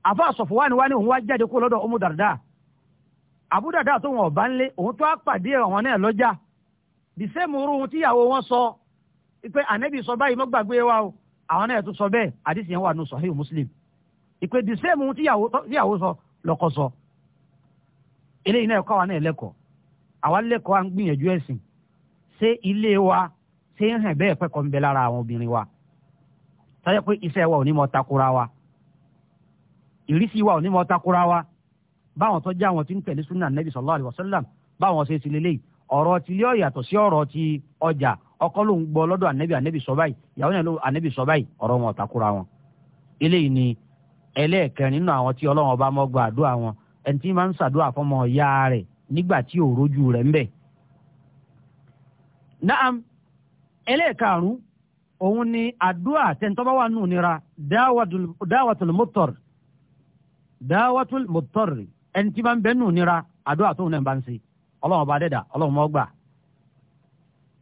àfọ àsọ̀fọ̀ wa ni wa ni òun wá jáde kó lọ́dọ̀ ọmọ dàda àbúdàdà tó wọn ọ̀bá ńlé òun tó á pàdé àwọn náà lọ́jà ipe ànẹ́bí sọ báyìí mọ́ gbàgbé wa o àwọn náà tún sọ bẹ́ẹ̀ àdìsí yẹn wà nù sọ̀hìn muslim ìpè the same tíyàwó sọ lọ́kọ sọ eléyìí náà kọ́ àwa náà lẹ́kọ̀ọ́ àwa lẹ́kọ̀ọ́ à ń gbìyànjú ẹ̀sìn ṣé ilé wa ṣé ń hàn bẹ́ẹ̀ pẹ́kọ̀ ń bẹ lára àwọn obìnrin wa tọ́jà pé iṣẹ́ wa ò ní mọ takora wa ìrísí wa ò ní mọ takora wa báwọn tó já àwọn tí ń tẹ̀lé sunnah nabi sallallahu alayhi wa sallam báwọn ṣe ti lélẹ́yìí ọ̀rọ̀ tilé ó sí ọ̀rọ̀ ti ọjà ọkọ ló ń gbọ́ lọ́dọ̀ ànẹ́bí ànẹ́bí sọ ló ànẹ́bí sọ báyìí wọn ọ̀takura wọn. eléyìí ni ẹlẹ́ẹ̀kẹrin nínú àwọn tí ọlọ́run ọba mọ́ gba àdúrà wọn ẹni tí máa ń ṣàdúrà fọmọ ìyá rẹ̀ nígbà tí ò rójú rẹ̀ ń bẹ̀. naam ẹlẹ́ẹ̀karùn-ún òun ni àdúrà tẹ̀ntọ́ba wà nù nira dáwàtul mọ́tọ̀r dáwàtul mọ́tọ̀r ẹni tí máa ń bẹ́ nù nira àdúrà tóun náà bá ń ṣe ọlọ́run ọba dẹ́dà ọlọ́run mọ́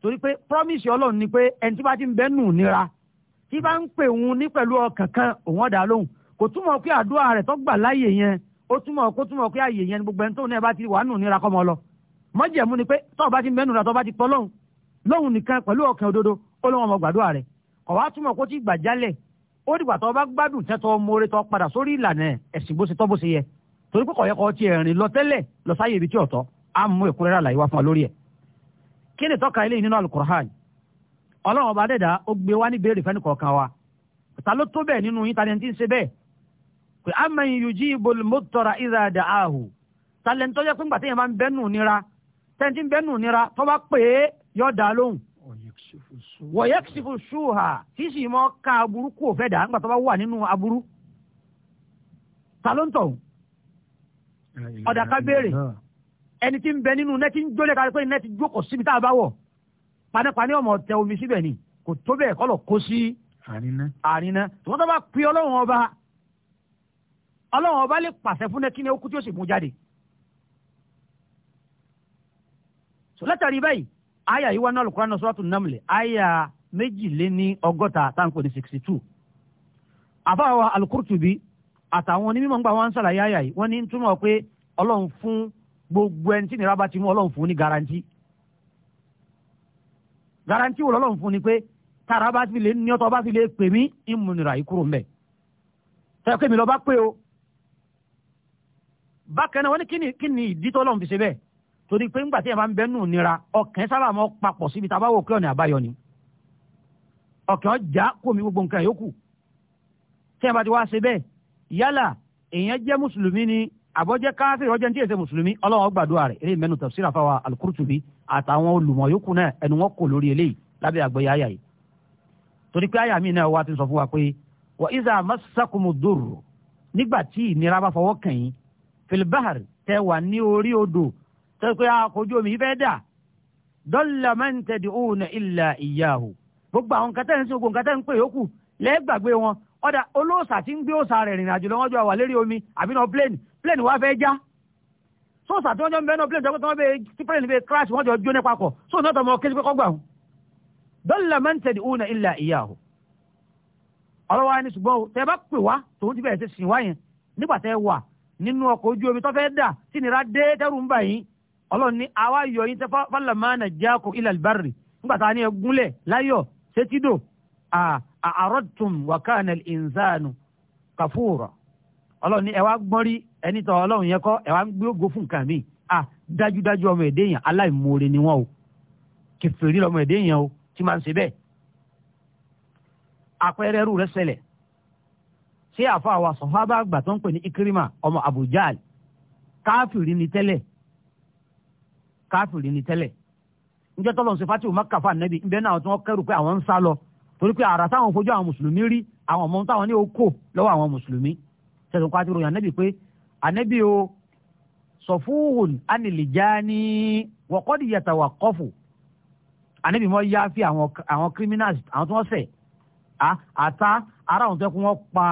torí pé promise ọlọ́run ni pé ẹni tí bá ti ń bẹ́ nù nira tí bá ń pè òun ní pẹ̀lú ọkàn kan òun ọ̀dà lóhùn kò túmọ̀ pé àdúrà rẹ̀ tó gbà láàyè yẹn ó túmọ̀ kó túmọ̀ pé àyè yẹn gbogbo ẹni tó ní ẹ bá ti wà nù nira kọ́mọ lọ mọ́jẹ̀mú ni pé tó o bá ti ń bẹ́ nù nira tó o bá ti pọ́ lọ́hùn lọ́hùn nìkan pẹ̀lú ọkàn òdodo ó lọ́wọ́ ọmọ gbàdúrà rẹ̀ kọ̀ wá túmọ̀ kó ti gbà jálẹ̀ ó dìgbà tó o bá gbádùn tẹ́tọ́ mọ́re tó padà sórí ìlànà ẹ̀sìn bó ṣe tọ́ bó ṣe yẹ torí pé kọ̀yẹ́kọ̀ ti ẹ̀rìn lọ tẹ́lẹ̀ lọ sáyé ibi tí ọ̀tọ̀ á mú ẹ̀kúnrẹ́rẹ́ àlàyé fún wa lórí ẹ̀ kí ni tọ́ka eléyìí nínú alukur'an ọlọ́run ọba dẹ́dà ó gbé wá ní béèrè fẹ́ni kọ̀ọ̀kan wa ta ló tó bẹ́ẹ̀ nínú yín tani ti ń ṣe bẹ́ẹ̀ pé amman yujibul mudtara idha da'ahu talẹ̀ ń tọ́jọ́ pé ńgbà téèyàn máa ń bẹ́nu nira tẹ́ntì ń bẹ́nu nira tó bá pè é yọ dá lóhùn wa yakshifu shuha tí sì mọ́ ká aburú kú òfẹ́ dà ńgbà tó bá wà nínú aburú ta ló ń tọ̀ ẹni tí ń bẹ nínú iná tí ń jólẹ̀ kárí pé iná ti jókòó síbi tá a bá wọ̀ panápaná ọmọ tẹ omi síbẹ̀ ni kò tó bẹ́ẹ̀ kọ́ lọ kó sí àrínà tòun tó bá pe ọlọ́run ọba ọlọ́run ọba lè pàṣẹ fún náà kí ni ó kú tí ó sì mú jáde. sọlẹ́tàrí báyìí àyà yìí wá náà Al-Qur'an Suratul Naml àyà méjìléní ọgọ́ta táǹkò ní sixty two àbáwá Al-Qurtubi àtàwọn onímọ̀ ń gbà wọ́n ń sàlàyé àyà yìí wọ́n ní túmọ̀ pé ọlọ́run fún gbogbo ẹni tí nira bá ti mú ọlọ́run fún ní garanti garanti wo lọ́lọ́run fún ni pé tára bá ti lè ní ọtọ́ bá ti lè pè mí ìmúnira yìí kúrò mbẹ́ tẹ́ pé mi lọ bá pé o bákan náà wọ́n ní kí ni ìdí tó lọ́run fi ṣe bẹ́ẹ̀ torí pé ńgbà tí ẹ̀ bá ń bẹ́nu nira ọkàn sábà máa papọ̀ síbi tá a bá wò kí ọ̀nà àbáyọ ni ọkàn ọjà kò mí gbogbo nǹkan yòókù tí ẹ̀ bá ti wá ṣe bẹ́ẹ̀ yálà èèyàn jẹ́ mùsùlùmí ni àbọ̀jẹ́ káfíìrì ọjọ́ tí èsè mùsùlùmí ọlọ́run ó gbàdúrà rẹ̀ eré mẹ́nu tafsir àfàwà alukurutubi àtàwọn olùmọ̀ yòókù náà ẹnu wọn kò lórí eléyìí lábẹ́ àgbẹ̀yà àyà yìí torí pé àyà mi náà wá ti sọ fún wa pé wà ìzà masakumu dòrò nígbà tí ìnira bá fọwọ́ kàn yín filibahar tẹ wà ní orí odò tẹ pé àkójú ah, omi ìfẹ́ dà dọ́là máa ń tẹ̀dí òun ilà ìyàwó gbogbo plane wa fẹ́ já so sàtí wọ́n jọ ń bẹ́ẹ̀ náà plane jọ pé tí wọ́n bẹ́ẹ̀ tí plane bẹ́ẹ̀ crash wọ́n jọ jó ní papọ̀ so náà tọmọ kéjì pé kọ́gbà wọn. dọ́là máa ń tẹ̀lé òun náà ilà ìyá o ọ̀rọ̀ wa ni ṣùgbọ́n tẹ bá pè wá tòun ti bẹ̀rẹ̀ sí sìn wá yẹn nígbà tẹ wà nínú ọkọ̀ ojú omi tó fẹ́ dà tí nira dé tẹ́rù ń bà yín ọlọ́run ní àwa yọ yín tẹ fọlọ́mọ́nà jákò ilà ìbárì nígbà tá a ní ẹgúnlẹ̀ láyọ̀ sétídò àrọ́tùm wàkánà ìnzánu kàfúrà ọlọ́run ní ẹ wá gbọ́n rí ẹni tọ́ ọlọ́run yẹn kọ́ ẹ̀ wá ń gbé ògo fún nǹkan mi à dájúdájú ọmọ èdè yẹn aláìmoore ni wọn o kẹfìrí ọmọ èdè yẹn o tí máa ń ṣe bẹ́ẹ̀. àpẹẹrẹ rú rẹ ṣẹlẹ̀ ṣé àfa àwa sọ̀hábà àgbà tó ń pè ní ikirima ọmọ abujal káfìrí ni tẹ́lẹ̀ káfìrí ni tẹ́lẹ̀ njẹ́ tọ́lọ̀ ṣe fati umar kafa nẹ́bi ń bẹ́ náà tí wọ́n kẹ́rù pé àwọn ń sá lọ torí pé àrà táwọn fojú àwọn mùsùlùmí rí àwọn ọmọ táwọn ní ó kò àwọn mùsùlùmí ṣẹ̀sùn kwájú ròyìn nẹ́bi pé ànábì o sọ̀fúhùn ánìlìjáni wọ̀kọ́dì yàtàwà kọ́fù ànábì mọ́ yá fi àwọn criminals àwọn tí wọ́n ṣẹ̀ àtá ara àwọn tó kún wọ́n pa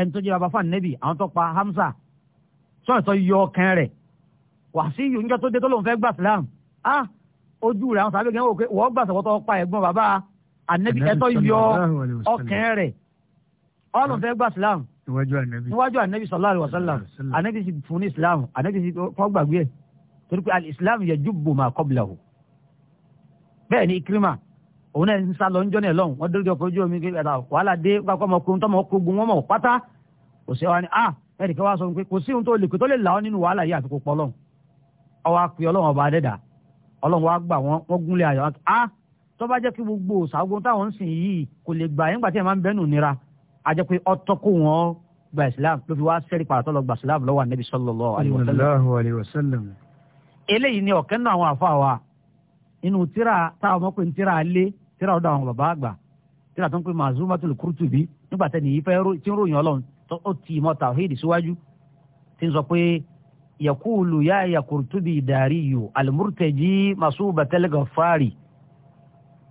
ẹni tó jẹ́ bàbá fún ànábì àwọn tó pa Hamza sọ̀rọ̀ tó yọ ọkàn rẹ̀ Wàsíù níjọ́ tó dé tó lóun fẹ́ gbà sílám ojú rẹ̀ àwọn sàbẹ̀ gẹ́gẹ́ wò pé wọ́n gbà sọ̀wọ́ tó pa ẹ̀gbọ́n bàbá ànábì ẹ̀tọ́ yọ ọkàn rẹ̀ ọlọ́run fẹ́ gbà níwájú ànábì níwájú ànábì sallallahu alaihi wasallam ànábì sì fún ní islam ànábì sì kọ́ gbàgbé ẹ̀ torí pé islam yajubbu ma qablahu bẹ́ẹ̀ ni ikirima òun náà ń sá lọ ń jọ́nà ẹ̀ lọ́hùn wọ́n dórí ọkọ̀ ojú omi kí ẹ̀dá wàhálà dé pápá ọmọkùnrin tọmọ ọkùnrin wọn mọ̀ pátá kò sí wa ni ah ẹnì kan wá sọ pé kò sí ohun tó lè tó lè là ọ́ nínú wàhálà yìí àti kò pọ̀ lọ́hùn ọwọ́ ajẹ́ pé ọtọ́ kó wọn gba islam ló fi wá sẹ́rí pàtó lọ gba islam lọ́wọ́ anabi sallallahu alayhi wa sallam. eléyìí ni ọ̀kẹ́ nínú àwọn àfa wa inú tíra táwọn ọmọ pé ń tíra alé tíra ọ̀dọ̀ àwọn bàbá àgbà tíra tó ń pè Mazumatul Qurtubi nígbà tẹ́ nìyí fẹ́ tí ń ròyìn ọlọ́run ó ti ìmọ̀ tawhid síwájú tí ń sọ pé yakulu ya ya Qurtubi dariyu al-murtaji masubatal ghaffari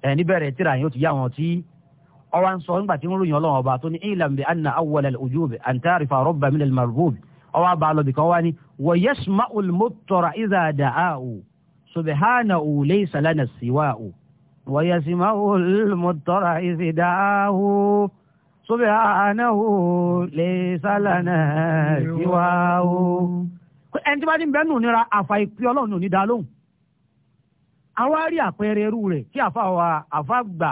ẹ̀ níbẹ̀rẹ̀ tíra yẹn ó ti yá àwọn tí ọwọ́ ń sọ nígbà tí ń ròyìn ọlọ́run ọba tó ní ilam bi anna awwala al-ujub an ta'rifa rabba min al-marbub ọwọ́ bá lọ bìkan wá ní wa yasma'u al-mubtara idha da'a'u subhanahu laysa lana siwa'u wa yasma'u al-mubtara idha da'a'u subhanahu laysa lana siwa'u. ẹni tí wọ́n ti bẹ́ẹ̀ nù nira àfà ìpè ọlọ́run ní dá àwa rí àpẹẹrẹ irú rẹ̀ kí àfa wa àfa gbà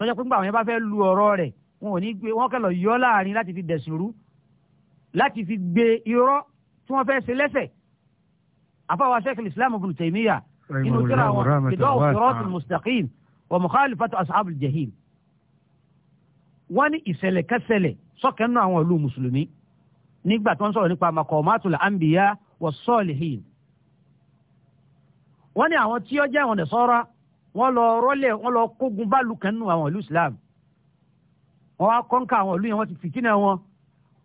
tọ́jà pé ńgbà àwọn yẹn bá fẹ́ lu ọ̀rọ̀ rẹ̀ wọn ò ní gbé wọn kẹlọ̀ yọ láàrin láti fi dẹ̀sùn rú láti fi gbé irọ́ tí wọ́n fẹ́ ṣe lẹ́sẹ̀ àfọwọ́ sẹ́kìl islam ibn taymiya inú kíra wọn ìdọ́ òkúrọ́tù mustaqim wa mukhalifatu ashabul jahim wọ́n ní ìṣẹ̀lẹ̀ kẹsẹ̀lẹ̀ sọ́kẹ́nu àwọn ìlú mùsùlùmí nígbà tó ń sọ̀rọ̀ nípa makomatul anbiya wa sọ́ọ̀lìhìn wọ́n ní àwọn tí ó jẹ́ àwọn nẹ̀sọ́ra wọ́n lọ rọ́lẹ̀ wọ́n lọ kógun báàlù kan nínú àwọn ìlú islam wọ́n wá kọ́ńkà àwọn ìlú yẹn wọ́n ti fìtínà wọn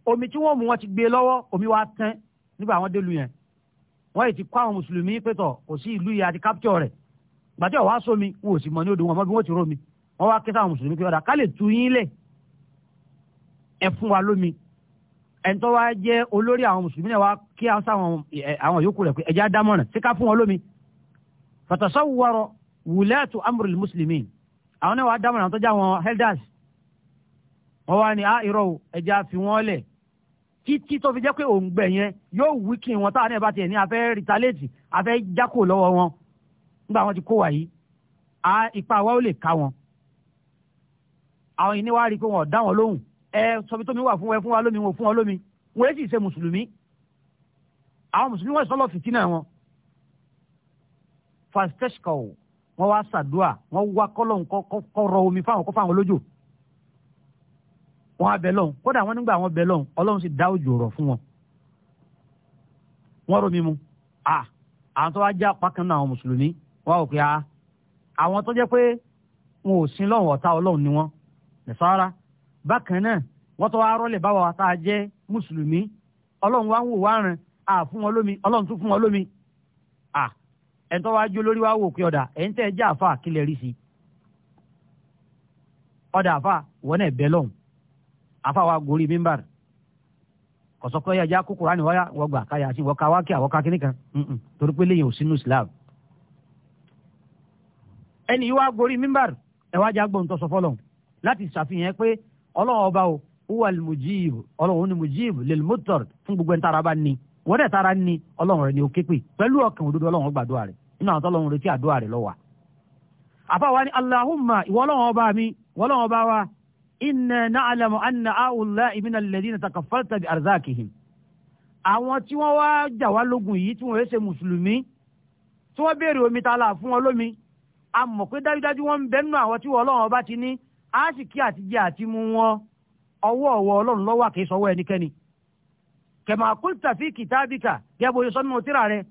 omi tí wọ́n mú wọn ti gbé e lọ́wọ́ omi wá tán nígbà àwọn délu yẹn wọ́n yìí ti kọ́ àwọn mùsùlùmí pétọ̀ kò sí ìlú yìí àti capture rẹ̀ gbàtí ọ̀wá sómi wọn ò sì mọ ní odò wọn mọ́ bí wọ́n ti rómi wọ́n wá kẹ́sà àwọn mùsùlùmí pé ọ̀dà tu yín lẹ̀ ẹ fún wa lómi ẹ̀ńtọ́ wa jẹ́ olórí àwọn mùsùlùmí náà wá kí àwọn yòókù rẹ̀ pé ẹ̀já dámọ̀ràn ṣé ká fún wọn lómi fàtàsọ́wọ́rọ̀ wùlẹ́ẹ̀tù amúrìlì mùsùlùmí àwọn náà wàá dámọ̀ràn àtọ́jà wọn elders wọn wá ní á ah, irọ́ o ẹja fi wọ́n lẹ̀ títí tó fi jẹ́ pé òǹgbẹ̀ yẹn yóò wí kí wọn táwọn náà bá tiẹ̀ ní afẹ́ rìtálẹ́tì afẹ́ jákò lọ́wọ́ wọn nígbà wọn ti kó wà yìí á ipa wa ó lè ká wọn àwọn yìí ní rí i pé wọn ò wọn lóhùn ẹ sọbi tómi wà fún ẹ fún wa lómi wọn fún wọn lómi wọn èsì ṣe mùsùlùmí àwọn mùsùlùmí wọn sọlọ fìtínà wọn fàstẹ́ṣkọ̀ọ́ wọ́n wá ṣàdúà wọ́n wá kọ́lọ̀ kọ́rọ̀ omi fáwọn kọ́ fáwọn olójò wọ́n á bẹ lọ́hùn kódà wọ́n nígbà wọ́n bẹ lọ́hùn ọlọ́run sì dá òjò rọ̀ fún wọn. wọ́n romi mu à àwọn tó wá já pákan náà àwọn mùsùlùmí wọ́n ò pé a àwọn tó jẹ́ pé wọn ò sin lọ́hùn ọ̀tá ọlọ́run ni wọ́n nìsára bákan náà wọ́n tó wá rọ́lẹ̀ báwa tá a jẹ́ mùsùlùmí ọlọ́run wá ń wò wá rìn à fún wọn lómi ọlọ́run tún fún wọn lómi à ẹ̀ ń tọ́ wájú lórí wá wò pé ọ̀dà ẹ̀ ń tẹ́ ẹ jẹ́ àfa kílẹ̀ rí sí ọ̀dà àfa wọn náà bẹ́ lọ́hùn àfa wa gorí mímbàr kọ̀sọ́kọ́ yẹ ajá kúkúrú àni wọ́n gbà káyà sí wọ́n ká wákì àwọn ká kíníkan torí pé lẹ́yìn ò sínú Islam ẹni yìí wá gorí mímbàr ẹ̀ wá já gbóhùn tó sọ fọ́lọ́hùn láti ṣàfihàn pé ọlọ́run ọba o huwa al-mujib ọlọ́run ni mujib lil muttar fún gbogbo ẹ̀ ń tara bá ní wọ́dẹ̀ tara ni ọlọ́run rẹ ni ó ké pè pẹ̀lú ọkàn òdodo ọlọ́run gbàdúrà rẹ nínú àwọn tọ́lọ́run retí àdúrà rẹ lọ́wọ́ àfàwa ni Allahumma ìwọ ọlọ́run ọba mi ìwọ ọlọ́run ọba wa inna na'lamu anna àwùlá ìmínà lẹ́dínà takafalta bi arzakihim àwọn tí wọ́n wá jà wá lógun yìí tí wọ́n yẹ ṣe mùsùlùmí tí wọ́n béèrè omi ta la fún wọn lómi a pé dájúdájú wọ́n bẹ nínú àwọn tí kama qulta fi kitabika gẹ́gbó yóò sọ́nù tíra rẹ̀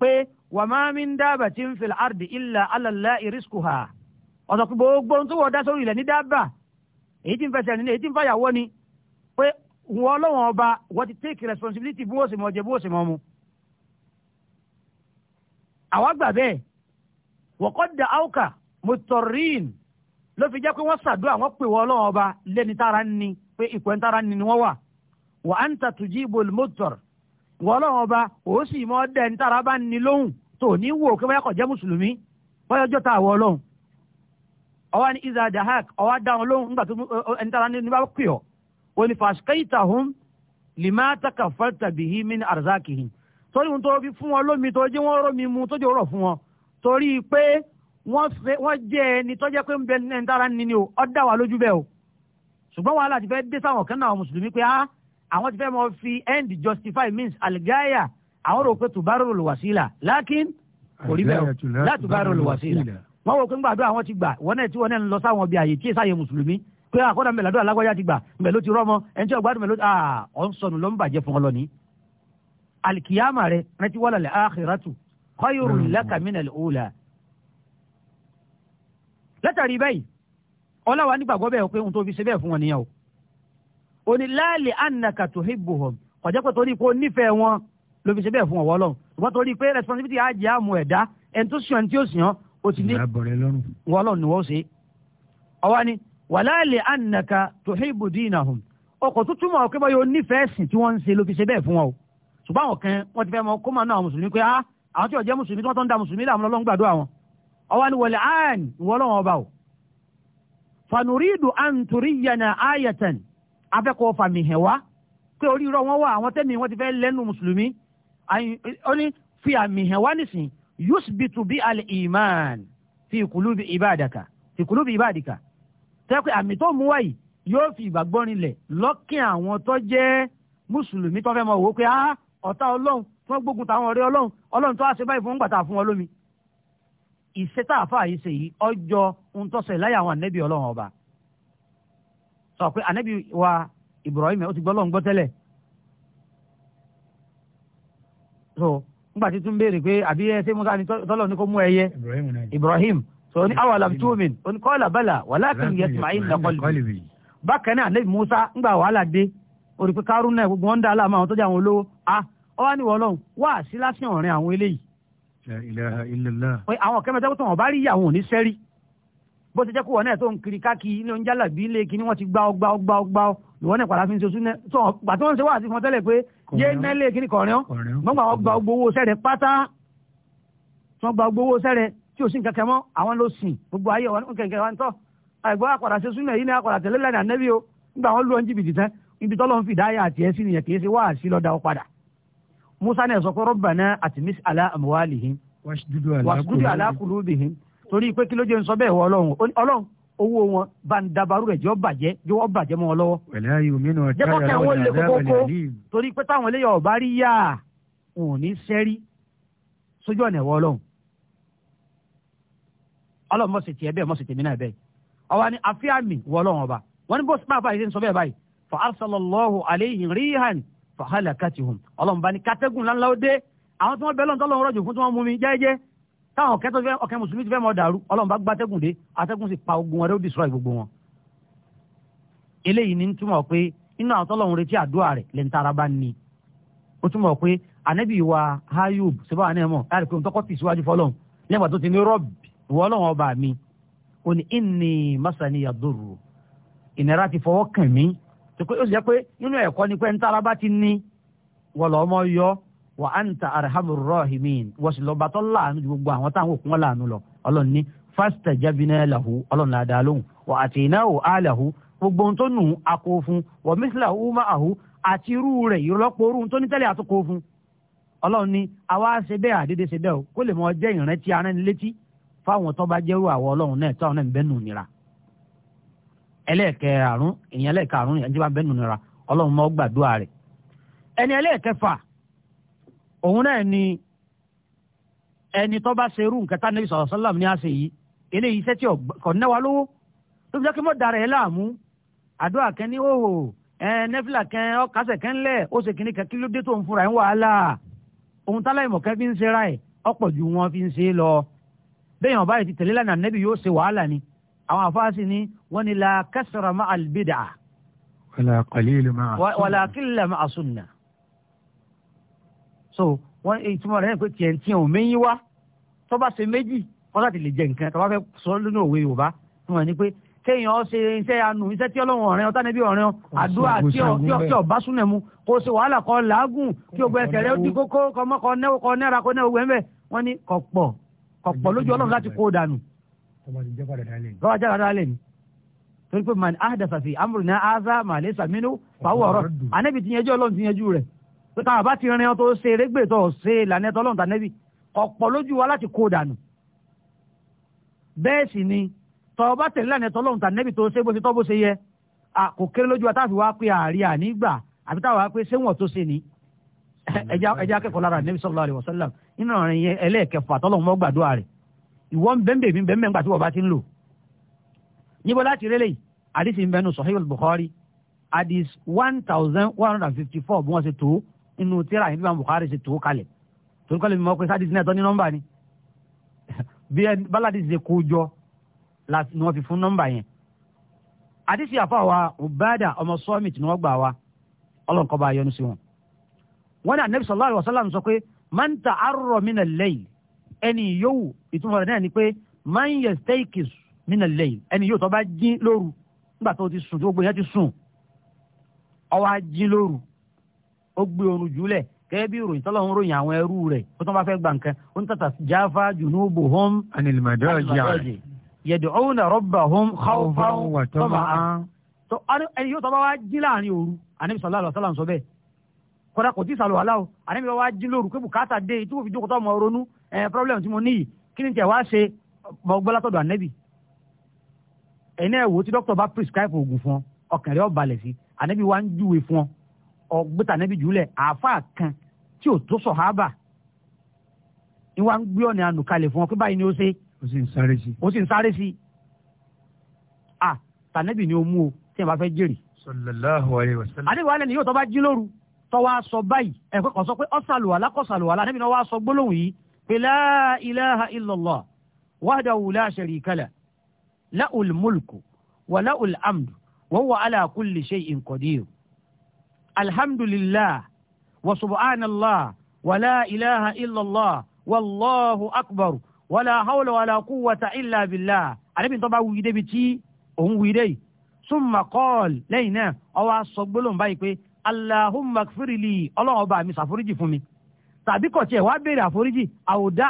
pé wa ma min dabbatin fil ardi illa ala Allahi rizquha ọ̀sọ̀ pé gbogbo tó wọ́n dá sórí ilẹ̀ ní dábà èyí tí ń fẹsẹ̀ nínú èyí tí ń fàyàwọ́ ni pé wọn ọlọ́wọ́n ọba wọ́n ti take responsibility bí wọ́n sì mọ̀ jẹ́ bí wọ́n sì mọ̀ mu. àwa gbà bẹ́ẹ̀ wọ́kọ́ da áwùkà mùtọ̀rìn ló fi jẹ́ pé wọ́n ṣàdúrà wọ́n pè wọ́n ọlọ́wọ́n ọba lẹ́ni tára ń ni pé ìpẹ́ ń ni wọ́n wà wa anta tujibul mudtar wọ́lọ́wọ́n ọba o si mọ́ dẹ̀ ń tara bá ní lóhùn tó ní wò kí wọ́n yẹ kó jẹ́ mùsùlùmí bọ́yọ̀ jọ́ta ọwọ́ ni isa dahak ọwọ́ dá wọn lóhùn nígbà tó lima bihi min torí wọn tó fi fún wọn lómi mu tó fún wọn torí pé ẹni tó pé o wàhálà ti àwọn ti fẹ́ mọ fi end justify means aligaya àwọn rò pé tùbárò lò wàsílà lákìn kò rí bẹ́ẹ̀ láti tùbárò lò wàsílà wọ́n wò pé ńgbà àdúrà wọn ti gbà wọ́n náà tí wọ́n náà ń lọ sáwọn ibi àyè tí èsà yẹ mùsùlùmí pé àkọ́dà ah, mẹ́lẹ̀ àdúrà lágbájá ti gbà mẹ́lẹ̀ ló ti rọ́mọ ẹni tí ọgbàdùn mẹ́lẹ̀ ah ọ̀n sọnù ló ń bàjẹ́ fún ọlọ́ni. alikiyama rẹ rántí wàlà lẹ àkìrátù kọ́yọ̀rù lákàmínà òòlà. látàrí báyìí ọlọ́wà nígbàgbọ́ bẹ́ẹ̀ pé ohun tó fi ṣe bẹ́ẹ̀ fún wọn nìyàwó òní láàlì ànàkà tó hìbò hàn kọjá pé torí pé ó nífẹ̀ẹ́ wọn ló fi ṣe bẹ́ẹ̀ fún ọ̀wọ́ lọ́hùn ṣùgbọ́n torí pé responsibility á jẹ́ àmú ẹ̀dá ẹni tó sùn ẹni tí ó sùn yàn ó ti ní wọ́n lọ́hùn ni wọ́n ṣe. ọwọ́ ni wà láàlì ànàkà tó hìbò dínà hàn ọkọ̀ tó túmọ̀ ọ̀kẹ́ bá yóò nífẹ̀ẹ́ sìn tí wọ́n ń ṣe ló fi ṣe bẹ́ẹ̀ fún ọ fanuridu anturiyana ayatan afẹ́kọ̀ọ́ fàmì hẹ̀ wá pé orí irọ́ wọn wà àwọn tẹ́mi wọn ti fẹ́ lẹ́nu mùsùlùmí ó ní fi àmì hẹ̀ wá nísìn yusbitu bi al iman fi kulubi ibadaka fi kulubi ibadika tẹ́ pé àmì tó mú wáyìí yóò fi ìgbàgbọ́ rinlẹ̀ lọ́kàn àwọn tó jẹ́ mùsùlùmí tó fẹ́ mọ̀ wò pé ah ọ̀tá ọlọ́run tí wọ́n gbógun táwọn ọ̀rẹ́ ọlọ́run ọlọ́run tó wá fún gbàtà fún wọn lómi. yìí ṣe yìí ọjọ́ ń tọ́sẹ̀ láyà àwọn ànẹ́bí ọlọ́run ọba sọ pé ànábì wa Ibrahim ó ti gbọ́ lọ́n gbọ́ tẹ́lẹ̀ so nígbà tí tún béèrè pé àbí ẹ ṣé Musa ni tọ́lọ̀ ní kó mú ẹyẹ Ibrahim so ní awalam tumin oníkọ́ọ̀là bala walakin yasma'inna qalbi bákan náà ànábì Musa ńgbà wàhálà dé orí pé kárún náà gbogbo wọn dá aláàmú àwọn tó jẹ àwọn olówó a ọwọ́ ni wọ́n lọ́hùn wá sí lásìkò ọ̀rìn àwọn eléyìí. ilẹ̀ ilẹ̀ ilẹ̀. àwọn kẹ́mẹ́tẹ́kùtù wọn bá rí ìyàwó ní sẹ́rí bó ṣe jẹ́ kó wọ́n náà tó ń kiri káàkiri ilé oúnjẹ àlàbí ilé kìíní wọ́n ti gbá ọgbá ọgbá ọgbá ìwọ́n náà padà fi ń ṣe súnẹ́ tó gbà tó ń ṣe wáàsí fún tẹ́lẹ̀ pé yé iná ilé kìíní kọ̀ọ̀rán wọ́n gbà ọgbà gbowó sẹ́rẹ̀ pátá tí wọ́n gbà gbowó sẹ́rẹ̀ tí ò sí nǹkan kẹmọ́ àwọn ló sìn gbogbo ayé wọn kẹ̀kẹ́ wa ń tọ́ àìgbọ́ àpàdà ṣe súnẹ́ yìí ní àpàdà tẹ̀lé lẹ́nà Musa náà sọ pé rọ́bà náà àti mis alá àmúwálì yìí wàṣídúdú alákùlù torí pé kí ló jẹ́ ń sọ bẹ́ẹ̀ wọ ọlọ́run ọlọ́run owó wọn bá ń dabarú rẹ̀ jẹ́ ọ bàjẹ́ jẹ́ ọ bàjẹ́ mọ́ wọn lọ́wọ́. jẹ́ kọ́ kí àwọn lè kókó torí pé táwọn eléyà ọ̀bá rí yá wọn ò ní sẹ́rí sójú ọ̀nà ẹ̀wọ̀ ọlọ́run ọlọ́run mọ̀ sí tiẹ̀ bẹ́ẹ̀ mọ̀ sí tèmi náà bẹ́ẹ̀ ọwọ́ ni àfi àmì wọ ọlọ́run ọba wọn ní bó sì máa bá ń sọ bẹ́ẹ̀ báyìí fa arsalallahu alayhim rihan fa halakatuhum ọlọ́run bá ní kátẹ́gùn láńláwó dé àwọn tí wọ́n bẹ́ẹ̀ lọ́n táwọn ọ̀kẹ́ tó fẹ́ ọ̀kẹ́ mùsùlùmí ti fẹ́ mọ́ dàrú ọlọ́run bá a dé pa ogun ọrịa o ó gbogbo wọn. eléyìí ni ń túmọ̀ pé inú àwọn tọ́lọ́run retí àdúrà rẹ̀ ń tara bá ní. ó túmọ̀ pé wa Ayub láti pé síwájú lẹ́gbàá tó ti ní rọ́ọ̀bì ìwọ ọlọ́run ọba mi ó ní ìní masani ìnira ti fọwọ́ ni pé ń tara bá ti ní wọ́lọ́ ọmọ wa anta arhamur rahimin wọ́n sì lọ́ba tó láàánú ju gbogbo àwọn táwọn òkun wọn láàánú lọ ọlọ́run ní fastajabna lahu ọlọ́run náà dá lóhùn wa atinahu alahu gbogbo ohun tó nù akó fún wa mislahu ma'ahu àti irú rẹ̀ ìrọ́pọ̀ orú tó ní tẹ́lẹ̀ àtúkó fún ọlọ́run ní àwa ṣe bẹ́ẹ̀ àdédé ṣe bẹ́ẹ̀ o kó lè mọ jẹ́ ìrántí aránilétí fáwọn tó bá jẹ́ ẹni ẹlẹ́ẹ̀kẹfà òun náà ni ẹni tó bá ṣerú nǹkan tá níbi sọ̀rọ̀ sọ́lá ní àṣẹ yìí eléyìí iṣẹ́ tí kò náwa lówó tó fi jẹ́ kí mo dara ẹ̀ láàmú àdúrà kan ní òhò ẹ nẹ́fìlà kan ọkàṣẹ̀ kan lẹ̀ ó ṣe kìnnì kan kí ló dé tó ń fura ẹ̀ ń wàhálà ohun tá láì mọ̀kẹ́ fi ń ṣe ra ẹ̀ ọ̀pọ̀ ju wọn fi ń ṣe lọ bẹ́ẹ̀ yàn báyìí ti tẹ̀lé lánàá nẹ́bí yóò ṣe wàhálà ni àwọn àfáàsì ni wọ́n ni la kẹsàrà máa bìdà. wàlà kàlílì máa sunna so wọ́n ìtumọ̀ rẹ̀ pé tiẹ̀ tiẹ̀ ò méyìn wá tó bá ṣe méjì wọ́n láti lè jẹ nǹkan tó fẹ́ sọ lónìí òwe yorùbá wọn ni pé kéèyàn ṣe iṣẹ́ anu iṣẹ́ tí ọlọ́run ọ̀rẹ́ ọ̀tá níbi ọ̀rẹ́ àdúrà tí ọba súnlẹ̀ mu kó ṣe wàhálà kó làágùn kí o gbẹ̀sẹ̀ rẹ di kókó kọmọ kọ nẹ́wọ́ kọ nẹ́ra kọ nẹ́wọ́ gbẹ̀mẹ̀ wọ́n kọ̀pọ̀ kọ̀pọ̀ lójú ọlọ́run láti kó dànù. bọ́lá jára dálẹ̀ ni torí pé man ahdatha fi amrina aza ma laysa minhu fa huwa radd pé táwọn bá ti rin ọ tó ṣe erégbè ṣe ìlànà ẹ̀tọ́ ọlọ́run tànẹ́bì ọ̀pọ̀ lójú wa láti kó dànù bẹ́ẹ̀ sì ni tọ́ bá tẹ̀lé ìlànà ẹ̀tọ́ ọlọ́run tànẹ́bì tó ṣe bó ṣe tọ́ bó ṣe yẹ kò kéré lójú wa táàfin wá pé àárí ànígbà àbí táwọn wá pé séwọ̀n tó ṣe ni ẹja akẹ́kọ̀ọ́ lára nẹ́bí sallallahu alaihi wasallam nínú ọ̀rìn yẹn ẹlẹ́ẹ̀kẹfà tọ́lọ́hún mọ́ gbàdúrà rẹ̀ ìwọ ń bẹ́ẹ̀ bukhari àdìs one thousand one hundred fifty four bí wọ́n ṣe tó inú tíra yìí bí wọn Bukhari ṣe tó kalẹ̀ tó kalẹ̀ mímọ́ pé sádìsí náà tọ́ ní nọ́mbà ni bí ẹ báládì ṣe kó jọ ni wọ́n fi fún nọ́mbà yẹn àdìsí àfàwà Ubada ọmọ gbà sí wọn. ní anabi sọ pé máa ń ta nà ẹni ìtumọ̀ rẹ̀ náà ni pé máa ń yẹ nà ẹni bá jí lóru nígbà tó ti sùn tó gbé yẹn ti sùn jí lóru ó gbé oorun jùlẹ̀ gẹ́gẹ́ bí ìròyìn tọ́lọ́ ń ròyìn àwọn ẹrú rẹ̀ ó tán bá fẹ́ gbà nǹkan ó ń tàtà jáfa junubuhum anil madaji yad'una rabbahum khawfan wa tama'an. tó ẹni yóò tọ́ bá wá jí láàrin òru àníbi sallallahu alaihi wasallam sọ bẹ́ẹ̀ kọ́dà kò tí ì sàlùwàlá o àníbi wá jí lóru pé bùkátà dé tí kò fi jókòó tó ọmọ ronú ẹ̀ pírọ́blẹ̀mù tí mo níyì kí ni tẹ̀ wá ṣe mọ̀gbọ́látọ̀dọ̀ ànẹ́bì ẹ̀yin náà wò ó tí dókítà bá prescribe oògùn fún ọ ọkàn rẹ̀ ó balẹ̀ sí ànẹ́bì wá ń júwe fún ọ ọgbẹ́ta níbi jùlẹ̀ àáfàá kan tí ò tó sọ̀hábà ni wọ́n á gbé ọ̀nà ànùkalẹ̀ fún wọn pé báyìí ni ó ṣe. ó sì ń sáré sí. ó sì ń sáré sí. à tànẹ́bì ni ó mú o tí ẹ̀ bá fẹ́ jèrè. sallallahu alaihi wasallam. àdéhùn alẹ́ ni yóò tọ́ bá jí lóru tọ́ wá sọ báyìí ẹ̀kọ́ kan sọ pé ọ̀sàlùwàlá kọ̀sàlùwàlá níbi náà wá sọ gbólóhùn yìí pé la ilaha illallah wahdahu la sharika lah lahul mulku wa lahul hamdu wa huwa ala kulli alhamdulillah wa subhanallah wa la ilaha illallah wallahu akbar wa la hawla wa la quwwata illa billah àlebi tó bá wuyi débi tí òun wuyi dé summa qala lẹ́yìn náà ọwọ́ aṣọ gbólóhùn báyìí pé allahumma kfirili ọlọ́run ọba mi ṣàforíjì fún mi tàbí kọ̀ tiẹ̀ wá béèrè àforíjì àwòdá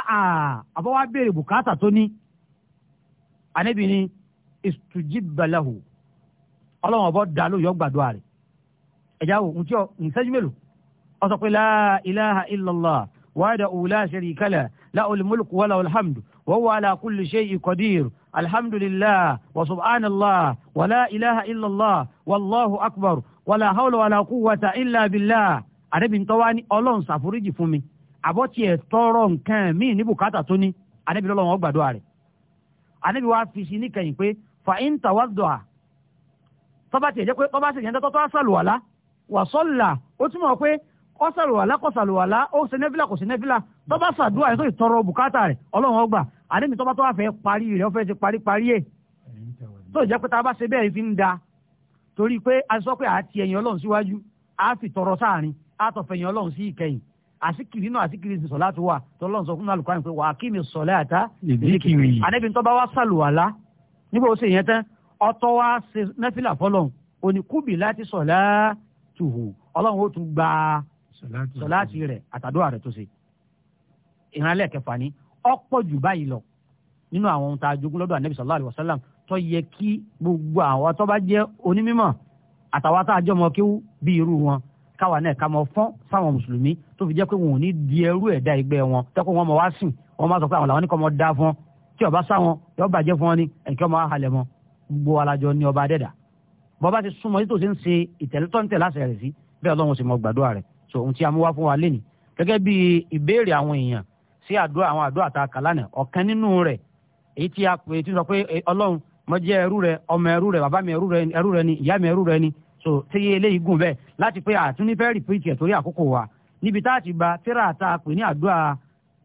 àbọ̀ wá béèrè bùkátà tó ní. àníbi ni istujibalahu ọlọ́run ọba dàlú yọ gbàdúrà rẹ̀ ẹ̀já wo ǹjọ́ ǹsẹ́jú mélòó ó sọ pé la ilaha illallah wàdà òwúlà ṣèríkàlà láòlì múlùkù wàlà alhamdu wa huwa ala kulli shay'in qadir alhamdulillah wa subhanallah wa la ilaha illallah wallahu akbar wa la hawla wa la quwwata illa billah àdébìntọ́wá ní ọlọ́run ṣàforíjì fún mi àbọ̀tí ẹ̀ tọrọ nǹkan míì ní bùkátà tó ní anábì lọ́lọ́run ó gbàdúrà rẹ̀ anábì wa fi sí níkẹyìn pé fa in tawaddu'a tọ́ba tiẹ̀ jẹ́ pé tọ́ba tiẹ̀ jẹ́ tọ́tọ́ àṣàlùwàlá wàsọ́là ó túmọ̀ pé kọ́sàlùwàlá kọ́sàlùwàlá ó ṣe nẹ́fìlà kò ṣe nẹ́fìlà tó bá ṣàdúrà ẹ̀ tó ìtọrọ bùkátà rẹ̀ ọlọ́run ọgbà àdémi tó bá tó wà fẹ́ parí rẹ̀ ó fẹ́ ti parí parí ẹ̀ tó jẹ́ pé tá a bá ṣe bẹ́ẹ̀ fi ń da torí pé a sọ pé àti ẹ̀yìn ọlọ́run síwájú a fi tọrọ sáàrin a tọ̀fẹ̀ ẹ̀yìn ọlọ́run sí ìkẹyìn àsìkiri náà àsìkiri sì sọ̀lá tó wà tọ́lọ́run sọ fún alùpàá pé wàá kí mi sọ̀lẹ́ àtá ìdíkiri àdébi tó bá wá ṣàlùwàlá níbo ó ṣe yẹn tán ọtọ́ wá ṣe nẹ́fìlà fọlọ́run òní kúbi láti sọ̀lá tuhu ọlọ́run ó tún gba sọláàtì rẹ̀ àtàdúrà rẹ̀ tó ṣe ìrànlẹ́ kẹfà ni ọ̀pọ̀ jù báyìí lọ nínú àwọn ohun tá a jogún lọ́dọ̀ anabi sallallahu alayhi wa sallam tó yẹ kí gbogbo àwọn tó bá jẹ́ onímọ̀ àtàwọn tá a jọ mọ kíw bí irú wọn káwa náà ká mọ fọ́n fáwọn mùsùlùmí tó fi jẹ́ pé wọn ò ní di ẹrú ẹ̀dá ẹgbẹ́ wọn tẹ́kọ̀ wọn mọ wá sìn wọn máa sọ pé àwọn làwọn ní kọ́ mọ dá fún tí ọba sáwọn yọ bàjẹ́ fún wọn ni ẹ̀kẹ́ ọmọ àhàlẹ̀ mọ gbogbo alájọ ní ọba adẹ́dàá bọ́ba ti súnmọ́ yìí tó ṣe ń ṣe ìtẹ̀lẹ́tọ́ ń rẹ̀ sí bẹ́ẹ̀ ọlọ́run sì mọ gbàdúrà rẹ̀ so ohun tí a mú wá fún wa lé ní gẹ́gẹ́ bí ìbéèrè àwọn èèyàn sí àdúrà àwọn àdúrà tá a kà lánàá ọ̀kan nínú rẹ̀ èyí tí a pè tí sọ pé ọlọ́run mo jẹ́ ẹrú rẹ ọmọ ẹrú rẹ bàbá mi ẹrú rẹ ni ìyá mi ẹrú rẹ ni so tí eléyìí gùn bẹ́ẹ̀ láti pé àtúnífẹ́ rìpíìtì ẹ̀ torí àkókò wa níbi tá a ti gba tíra tá a pè ní àdúrà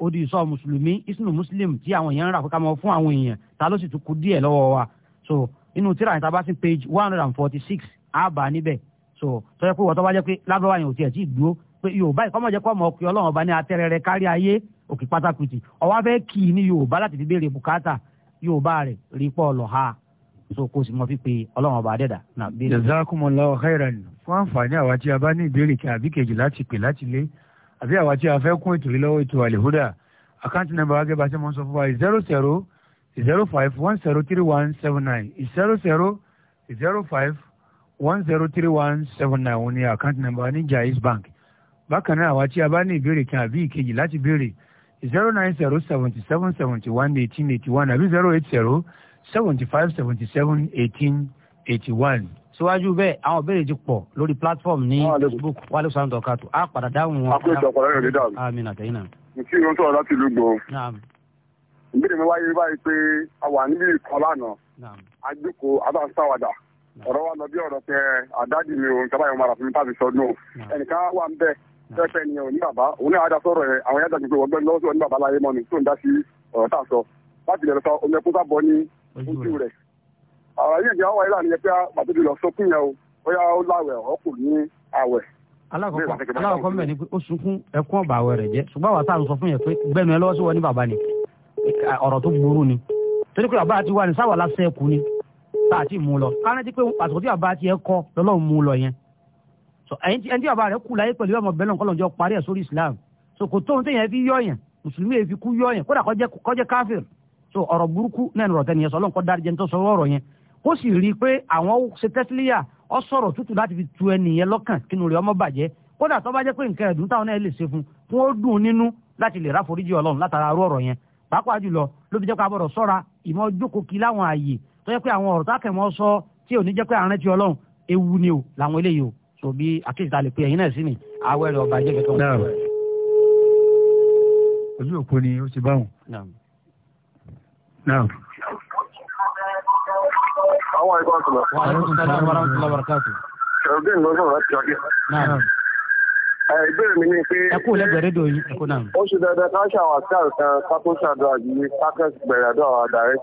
odi ìsọ mùsùlùmí isnu muslim tí àwọn èèyàn ń rà pé ká mọ fún àwọn èèyàn ta ló sì tún kù díẹ̀ lọ́wọ́ wa so inú tíra yẹn bá sí page one hundred and forty six á bá níbẹ̀ so tọ́jú pé wọ́tọ́ bá jẹ́ pé lábẹ́wá yẹn ò tiẹ̀ tí ì dúró pé yorùbá yìí kọ́mọ̀jẹ́ kọ́ ọmọ ọkùnrin ọlọ́run ọba ní atẹ́rẹrẹ kárí ayé òkè pátákùtì ọwọ́ afẹ́ kì í ní yorùbá láti fi béèrè bùkátà yorùbá rẹ̀ rí pọ̀ lọ ha so kó o sì mọ fi pe ọlọ́run ọba àdẹ́dà. jazakumullahu khairan fún àǹfààní àwa tí a bá ní ìbéèrè kí àbí kejì láti pè láti lé zero zero zero five one zero three one seven nine zero zero zero five one zero three one seven nine òun ni account number ní Jaiz Bank bákan náà àwa tí a bá ní ìbéèrè kan àbí ìkejì láti béèrè zero nine zero seventy seven seventy one eighteen eighty one àbí zero eight zero seventy five seventy seven eighteen eighty one. síwájú bẹ́ẹ̀ àwọn ìbéèrè ti pọ̀ lórí platform ní Facebook wálé sàǹdọ̀kàtò á padà dáhùn wọn. àpéjọpọ̀ lẹ́yìn ìdídà mi. àmín àtẹ̀yìn náà. mo kí irun sọ̀rọ̀ láti ìlú ìbéèrè mi wáyé báyìí pé a wà níbi ìkọ́ lánàá àgbékò abáǹsáwàdà ọ̀rọ̀ wa lọ bí ọ̀rọ̀ pé àdájì mi òun tábàyàn mara fún mi tàbí sọdún ẹnìkan wà ń bẹ fẹ́fẹ́ ni òun ní bàbá òun náà adásọ̀rọ̀ yẹn àwọn yàtọ̀ gbogbo ọgbẹ́ni lọ́wọ́ sí òun ní bàbá láyé mọ́ni tó ń dá sí ọ̀rọ̀ tá a sọ láti lè sọ omi ẹkún sábọ ní ojú rẹ̀ ọ̀rọ̀ yìí ìjà wáyé láàrin yẹn pé bàtò ti lọ sọkún yẹn o bóyá ni ó sunkún ẹkún ọ̀bà àwẹ̀ jẹ́ ṣùgbọ́n àwọn ọ̀rọ̀ tó burú ni torí pé bàbá àti wa ní sáwà lásán ẹkù ni tá àti mú lọ káná ti pé àsìkò tí bàbá àti ẹ kọ lọ́lọ́run mú lọ yẹn so ẹni tí bàbá rẹ kú láyé pẹ̀lú ọmọ bẹ́lẹ̀ kọ́lọ́njọ́ parí ẹ̀ sórí Islam so kò tóun téèyàn fi yọ̀yàn mùsùlùmí èfi kú yọ̀yàn kódà kọjẹ́ káfíìr so ọ̀rọ̀ burúkú náà ni rọ̀tẹ́ni yẹn sọ ọlọ́run kọ́ dárí jẹ́ ní tó sọ ọ̀rọ̀ yẹn kó sì rí i pé àwọn ṣe tẹ́sílíyà ọ sọ̀rọ̀ tútù láti fi tu ẹnìyẹn lọ́kàn kínú rẹ̀ ọmọ bàjẹ́ kódà tó bá jẹ́ pé nǹkan ẹ̀dùn táwọn náà lè ṣe fún wọn ó dùn nínú láti lè ráforíjì ọlọ́run látara arú ọ̀rọ̀ yẹn pàápàá jùlọ ló fi jẹ́ pé abọ́dọ̀ sọ́ra ìmọ̀ jókòó kí láwọn ààyè tó yẹ pé àwọn ọ̀rọ̀ tákẹ́mọ́ sọ tí ò ní jẹ́ pé àárín ti ọlọ́run ewu ni o làwọn eléyìí o so bí akéèsì ta lè pe ẹ̀yin náà sí ni awẹ́ rẹ̀ ọba jẹ́ kẹtọ́. ojú òpó ni ó ti báwọn. àwọn ẹ̀kọ́ ọ̀sán lọ. wàhálà ọ̀sán lọ́wọ́ Eh, ìbéèrè mi ni pé. ẹ kú lẹgbẹrẹ rédíò yìí ẹ kú náà. ó ṣe dandan ká ṣàwọn àṣàrò kan kápó ṣàdó àgbègbè kákẹ́sì bẹ̀rẹ̀ àdó àwọn àdàrẹ.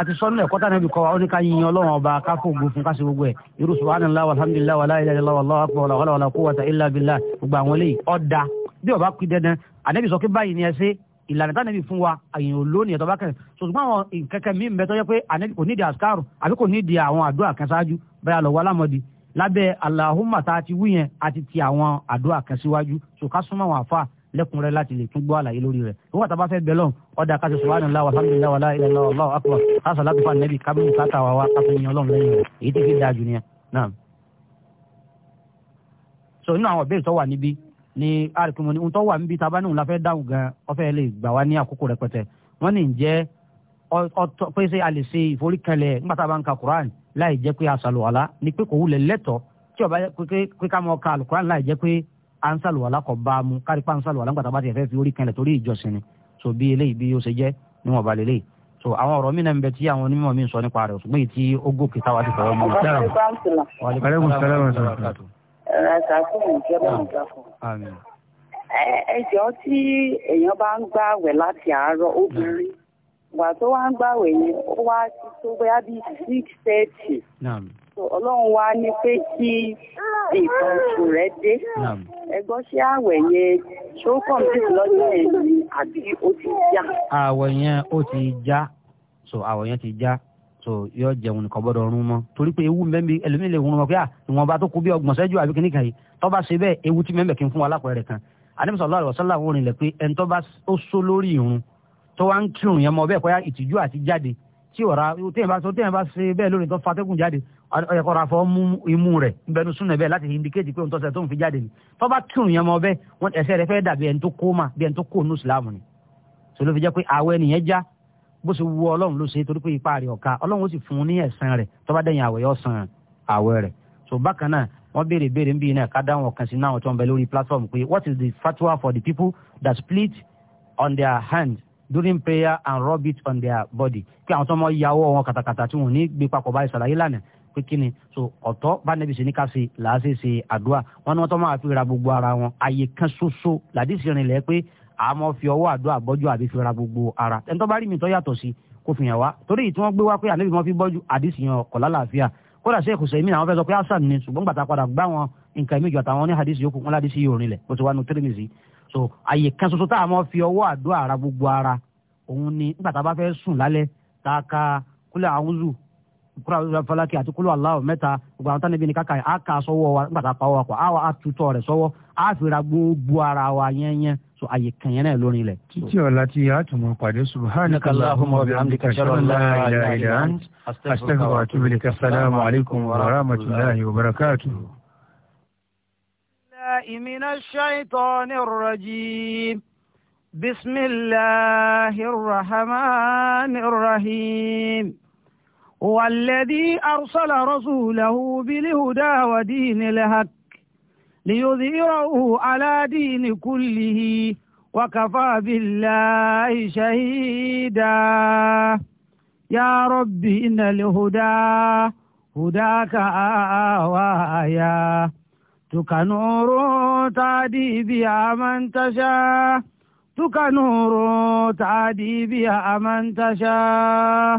àti sọ́nù ẹ̀kọ́ tàn níbi kọ́ wa ó ní ká yin ọlọ́run ọba ká fún fún ká ṣe gbogbo ẹ̀ irú subhanallah walhamdulillah wàlá ilaha illallah wallahu akbar wàlá wàlá quwwata illa billah gbogbo àwọn eléyìí ọ̀dà bí ọba kú dandan ànábì sọ pé báyìí ni ẹ ṣe ìlànà tá ànábì fún wa àyìn olóòní ẹ̀tọ́ bá kẹ̀ ṣùgbọ́n àwọn kẹ̀kẹ́ mi ń yẹ pé ànábì kò nídìí àṣkárù àbí kò nídìí àwọn àdúrà kan ṣáájú lọ wà lámọ́dì lábẹ́ Allahumma tá a ti wí yẹn àti ti àwọn àdúrà kan síwájú tó ká súnmọ́ àwọn àfa lẹ́kùnrẹ́ láti lè tún gbọ́ àlàyé lórí rẹ̀ wọ́n tàbá fẹ́ bẹ̀ lọ́n ọ̀dà ká ti subhanallah walhamdulillah wala ilaha illallah Allahu akbar ká salatu fa nabi kábíyì ká tàwa wa ká fún yan ọlọ́run lẹ́yìn rẹ̀ èyí tí kì í dáa jù nìyẹn náà. sọ inú àwọn ìbéèrè tó wà níbí ni àrùkùnmọ̀ ni ohun tó wà níbi tábánù la fẹ́ dáhùn gan ọ̀fẹ́ lè gbà wá ní àkókò rẹpẹtẹ wọ́n ní ǹjẹ́ ọtọ pé ṣé a lè ṣe ìforíkanlẹ̀ nígbà tá a bá ń ka quran láì jẹ́ pé a ṣàlùwàlá ni pé kò wulẹ̀ lẹ́tọ̀ tí ọba pé ká mọ ka alukuran láì jẹ́ pé à ń ṣàlùwàlá kọ bá a mú kárí pa a bá ti fẹ́ fi orí kanlẹ̀ torí ìjọsìn ni so bí eléyìí bí ó ṣe jẹ́ níwọ̀n ba lélẹ́yìí so àwọn ọ̀rọ̀ mi náà ń bẹ tí àwọn onímọ̀ mi sọ nípa rẹ̀ ṣùgbọ́n èyí tí ó gòkè ti fọwọ́ mú un. ẹ jọ tí èèyàn bá ń gbààwẹ̀ láti àárọ̀ obìnrin ìgbà tó wá ń gbàwẹ̀ yẹn ó wá ti tó bóyá bíi six thirty ọlọ́run wá ní pé kí ìtàn oṣù rẹ̀ dé ẹgbọ́n ṣé àwẹ̀ yẹn ṣó kọ̀m̀pútì lọ́jọ́ yẹn ni àbí ó ti já. àwẹ̀ yẹn ó ti já so àwẹ̀ yẹn ti já so yóò jẹun nìkan gbọ́dọ̀ rún mọ́ torí pé ewu mẹ́mí ẹlòmíì lè hun ọmọ pé à ìwọ̀n bá tó kú bí ọgbọ̀n sẹ́jú àbí kìnnìkan yìí tó bá ṣe bẹ́ẹ̀ ewu tí mẹ́mẹ̀ kì í fún wa lápẹ̀rẹ̀ kan àdèmísọ̀ ọlọ́run ọ̀sán làwọn orin lẹ̀ pé ẹni tó bá ó só lórí ìrun tó wá ń kírun yẹn mọ bẹ́ẹ̀ kọ́yá ìtìjú àti jáde tí ọ̀rá téèyàn bá sọ téèyàn bá ṣe bẹ́ẹ̀ lónìí tó fatẹ́kùn jáde ọ̀yẹ̀kọ̀ ra fọ́ mú imú rẹ̀ nbẹnu súnà bẹ́ẹ̀ láti indicate pé òun tọ́sẹ̀ tó ń fi jáde ni tó bá kírun yẹn mọ bẹ́ẹ̀ wọn ẹsẹ̀ rẹ̀ fẹ́ dàbí ẹni tó kó mà bí ẹni tó kó nù sílámù ni sọ ló fi jẹ́ pé àwẹ̀ nìyẹn já bó ṣe wu ọlọ́run ló ṣe torí pé ipa rẹ̀ ọ̀ka ọlọ́run ó sì fún un ní ẹ̀san rẹ̀ tó bá dẹ̀yìn àwẹ̀ yóò san àwẹ̀ rẹ̀ so bákan náà wọ́n béèrè béèrè ń bí iná ká dáhùn ọ̀kan sí náà tó ń bẹ lórí platform pé what is the fatwa for the people that split on their hand during prayer and rub it on their body kí àwọn tó mọ yàwó wọn katakata tí wọn ní gbé papọ̀ báyìí sàlàyé lánàá pé kí ni so ọ̀tọ̀ bá nẹ́bí sí ní ká ṣe làásì ṣe àdúrà wọn ni wọn tó máa fi ra gbogbo ara wọn àyè kan ṣoṣo làdísì rìnlẹ̀ pé àmọ́ fi ọwọ́ àdúrà bọ́jú àbí fi ra gbogbo ara ẹni tó bá rí mi tó yàtọ̀ sí kò fìyàn wá torí ìtí wọ́n gbé wá pé ànẹ́bí wọn fi bọ́jú àdísì yẹn ọkọ̀ lálàáfíà kódà sí èkùsọ̀ èmi àwọn fẹ́ pé hasan ni ṣùgbọ́n gbàtà padà gbá wọn nǹkan méjì àtàwọn ní hadisi yòókù wọn ládìsí yòórin lẹ̀ bó ti wá nu tírímìsì so àyè kan ṣoṣo tá a máa fi ọwọ́ àdúrà ara gbogbo ara òun ni nígbà tá a bá fẹ́ sùn lálẹ́ tá a ka kúlẹ̀ àwùzù kúrò àwùzù falaki àti kúlẹ̀ aláwọ̀ mẹ́ta gbogbo àwọn tánibí ni káka á ka sọ́wọ́ wa nígbà tá a pa ọwọ́ kọ́ á wà á tutọ́ rẹ̀ sọ́wọ́ á fi ra gbogbo ara wa yẹ́nyẹ́ so àyè kan yẹn náà lórí rẹ̀. títí ọ̀la tí a tún mọ pàdé subhanaka allahumma wa bihamdika ashhadu wa atubu بالله من الشيطان الرجيم بسم الله الرحمن الرحيم هو الذي أرسل رسوله بالهدى ودين الهك ليظهره على دين كله وكفى بالله شهيدا يا رب إن الهدى هداك آوايا تك نور تعدي بها من تشاء تك نور تعدي بها من تشاء